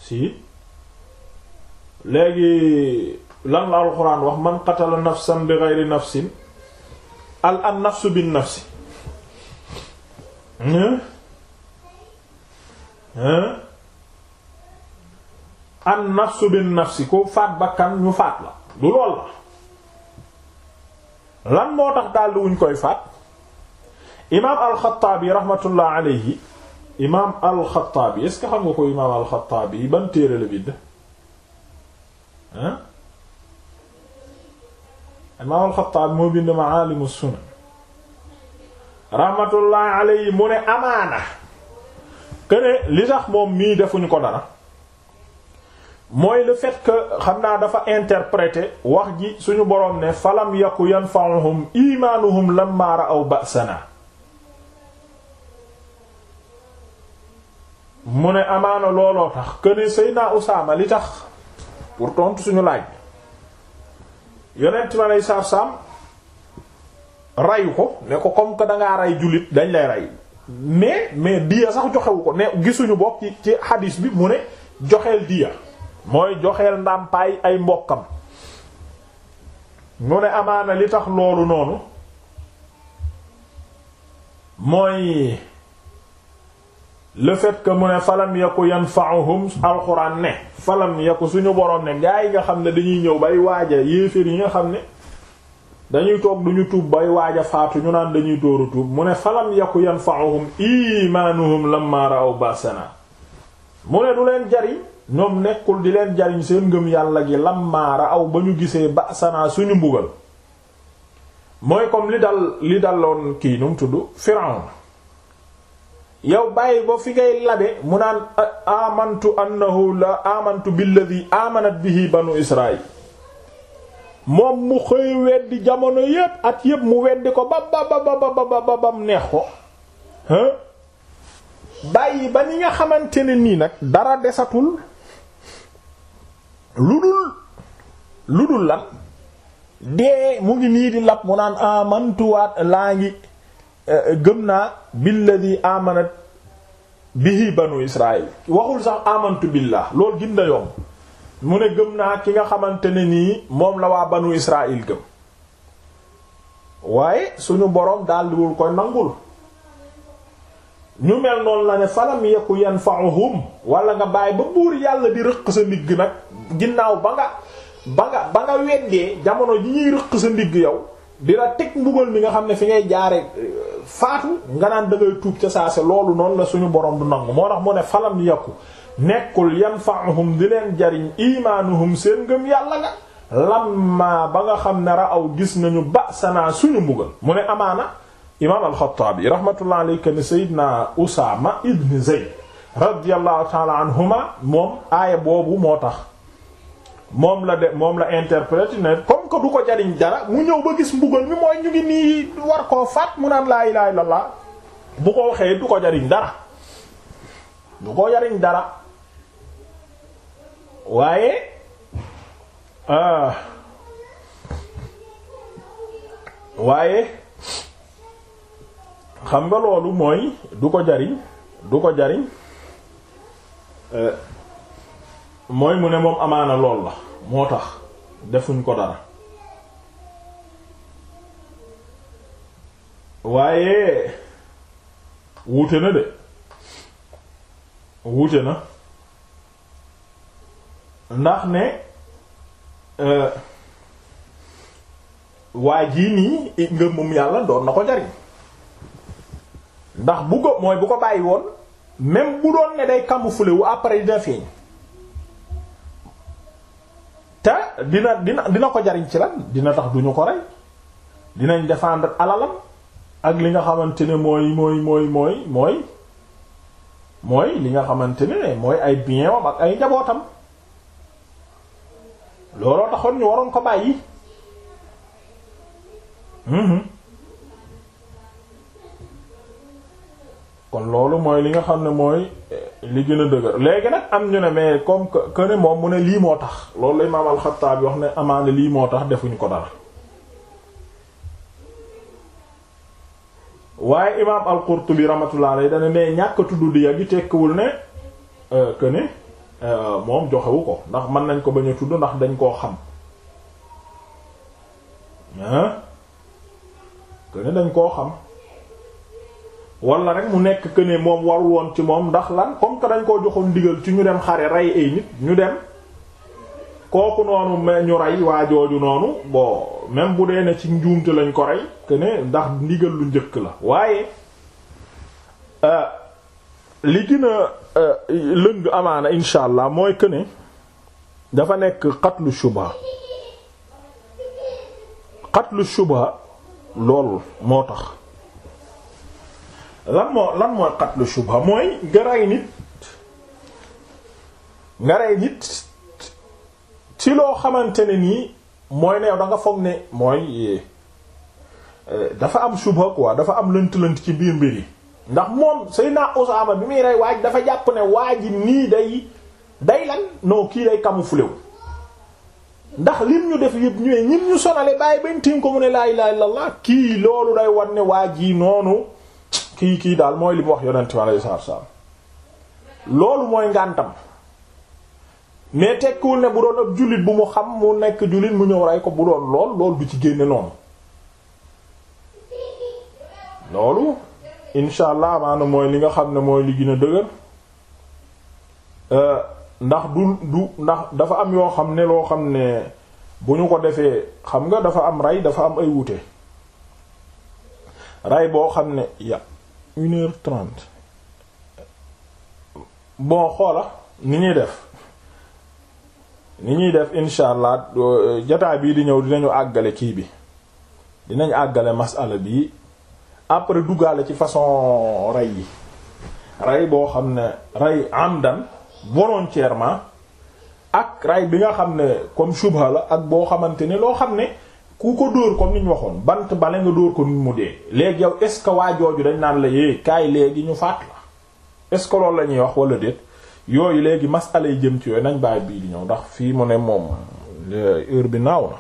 si léegi lan la alxuraan wax man qatala nafsan bi ghayri nafsin al an nafsu bin nafsi hmm? an nafsu bin nafsi ku faat bakkan ñu faat la du lool la lan moo tax daldi wuñ koy faat imaam alxataabi raxmatullah alayhi imaam alxataabi est-ce que xam nga ko imaam alxataabi ban téere la bind hein imaam raxmatullah alayhi mu amaana këne li tax moom mii defuñu ko dara mooy le fait que xam naa dafa interpréter wax ji suñu boroom ne falam yaku yanfa'uhum imaanuhum lamma ra'aw ba'sana mu ne amaana looloo tax këne naa Usaama li tax pour tontu suñu laaj yonent ma lay saar saam rayu ko ne ko comme que dangaa rey jullit dañ lay ray mais mais diya sax joxewu ko ne gisuñu bokk ci ci hadis bi mu ne joxeel diya mooy joxeel ndàmpaay ay mbokkam mu ne amaana li tax loolu noonu mooy le fait que mu ne yan yaku yanfa'uhum alxuraan ne falam suñu borom ne gaa yi nga xam ne dañuy ñëw bay waaja yéeféer yi nga xam ne dañuy toog duñu tuub bay waaja faatu ñu naan dañuy dóoru tuub mu ne falam yaku yanfa'uhum imanuhum lamma ra'aw ba'sana mu ne du leen jariñ ñoom nekkul di leen jariñ seen ngëm yàlla gi lamma ra'aw ba ñu gisee ba ba'sana suñu mbugal mooy comme li dal kii num tudd Firawna yow bàyyi ba fi ngay labe mu naan amantu annahu la amantu billadhi amanat bihi banu Israil moom mu xëy weddi jamono yépp at yépp mu weddi ko ba ba ba ba ba ba bam neex ko bàyyi ba ni nga xamante ne nii nag dara desatul lu dul lu dul lan dee mu ngi nii di lap mu naan amantuwaat laa ngi eh, gëm naa billadi amanat bihi banu israil waxul sax amantu billah loolu gin yomb mu ne gëm naa ki nga xamante ne nii moom la waa banu Israël gëm waaye suñu boroom daldiwul koy nangul ñu mel noonu la ne falam yeku yanfa'uhum wala nga bàyyi ba buur yàlla di rëq sa ndigg nag ginnaaw ba nga ba nga ba nga weddee jamono ji ñuy rëq sa ndigg yow di la teg mbugal mi nga xam ne fi ngay jaare faatu nga naan da ngay tuub ca saa si loolu noonu la suñu boroom du nangu moo tax mu ne falam yeku nekkul yanfa'uhum di leen jariñ imaanuhum seen ngëm yàlla nga lamma ba nga xam ne aw gis nañu ba'sana suñu mbugal mu ne amaana imaam alxataabi rahmatullah alayhi ne sayyidina usaama ibn zayd radiyallahu taala anhuma moom aaya boobu moo tax moom la de moom la interprète ne comme que du ko jariñ dara mu ñëw ba gis mbugal mi mooy ñu ngi nii war koo faat mu naan laa ilaaha illallaah bu ko waxee du ko jariñ dara du ko jariñ dara waaye waaye xam nga loolu mooy du ko jariñ du ko jariñ e, mooy mu ne moom amaana lool la moo tax defuñ ko dara waaye wuute na de wuute na ndax ne euh, waa jii nii ngëmum yàlla doon na ko jariñ ndax bu ko mooy bu ko bàyyi woon même bu doon ne day camoufler wu après dina feeñ te dina dina dina ko jariñ ci la dina tax duñu ko rey dinañ défendre alalam ak li nga xamante ne mooy mooy mooy mooy mooy li nga xamante ne mooy ay bien wam ak ay njabootam looloo taxoon ñu waroon ko bàyyi mhm. kon loolu mooy li nga xam ne mooy eh, li gën a dëgër léegi nag am ñu ne mais comme que ne moom mu ne lii moo tax loolu la imaam alxataabi wax ne amaane lii moo tax defuñu ko dara waaye imaam alqurtubi rahmatullah alayhi dana ne ñàkk tudd di ya gi tekkiwul ne eh, que Euh, moom joxewu ko ndax mën nañ ko bañ a tudd ndax dañ koo xam këne dañ koo xam wala rek mu nekk këne moom warul woon ci moom ndax lan comme que dañ koo joxoon ndigal ci ñu dem xare rey ay nit ñu dem kooku noonu mais ñu rey waa jooju noonu bon même bu dee ne ci njuumte lañ ko rey këne ndax ndigal lu njëkk la waaye. Euh, li gën a euh, lëng amaana insha allah mooy que ne dafa nekk xatlu shubha xatlu shubha loolu moo tax lan moo lan mooy xatlu shubha mooy nga nit nga nit ci loo xamante ne nii mooy ne da nga foog mooy euh, dafa am shubha waa dafa am lënt-lënt ci biir mbir yi ndax moom Seydina Usaama bi muy rey waaj dafa jàpp ne waa ji nii day day lan non kii day camouflé wu ndax lim ñu def yëpp ñëwee ñim ñu sonale bàyyi bañ tiim ko mu ne laa ilaaha illallaah kii loolu day wan ne waa ji noonu kii kii daal mooy li mu wax yonent bi alayhi salaatu wa loolu mooy ngàntam mais tekkiwul ne bu doon ab jullit bu mu xam mu nekk jullit mu ñëw rey ko bu doon lool loolu du ci génne noonu loolu incha allah maanaam mooy li nga xam ne mooy li gën a dëgër euh, ndax du du ndax dafa am yoo xam ne loo xam ne bu ñu ko defee xam nga dafa am rey dafa am ay wuute rey boo xam ne ya une bon xoola ni ñuy def ni ñuy def incha allah euh, jotaay bii di ñëw dinañu àggale kii bi dinañ àggale masala bii après duggaale ci façon rey yi rey boo xam ne rey amdan volontairement ak rey bi nga xam ne comme shubha la ak boo xamante ne loo xam ne ku ko dóor comme ni ñu waxoon bant bale nga dóor ko nit mu dee léegi yow est ce que waa jooju dañ naan la yee eh, kaay léegi ñu faat la est ce que loolu la ñuy wax wala déet yooyu léegi masala yi jëm ci yooyu nañ bàyyi bii di ñëw ndax fii mu ne moom heure bi naaw na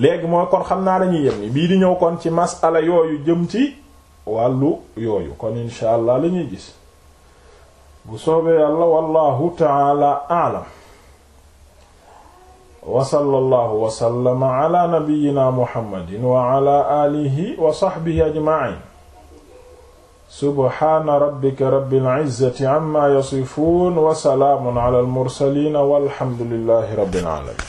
léegi mooy kon xam naa dañuy yem ni bii di ñëw kon ci masala yooyu jëm ci wàllu yooyu kon incha allah la ñuy gis bu soobee yàlla wallahu taala aalam wa sallallahu wa sallama ala nabiyyina muhammadin wa ala alihi wa sahbihi ajma'in subhana rabbika rabbil izzati amma yasifun wa salaamun ala al mursalin walhamdulillahi rabbil alamin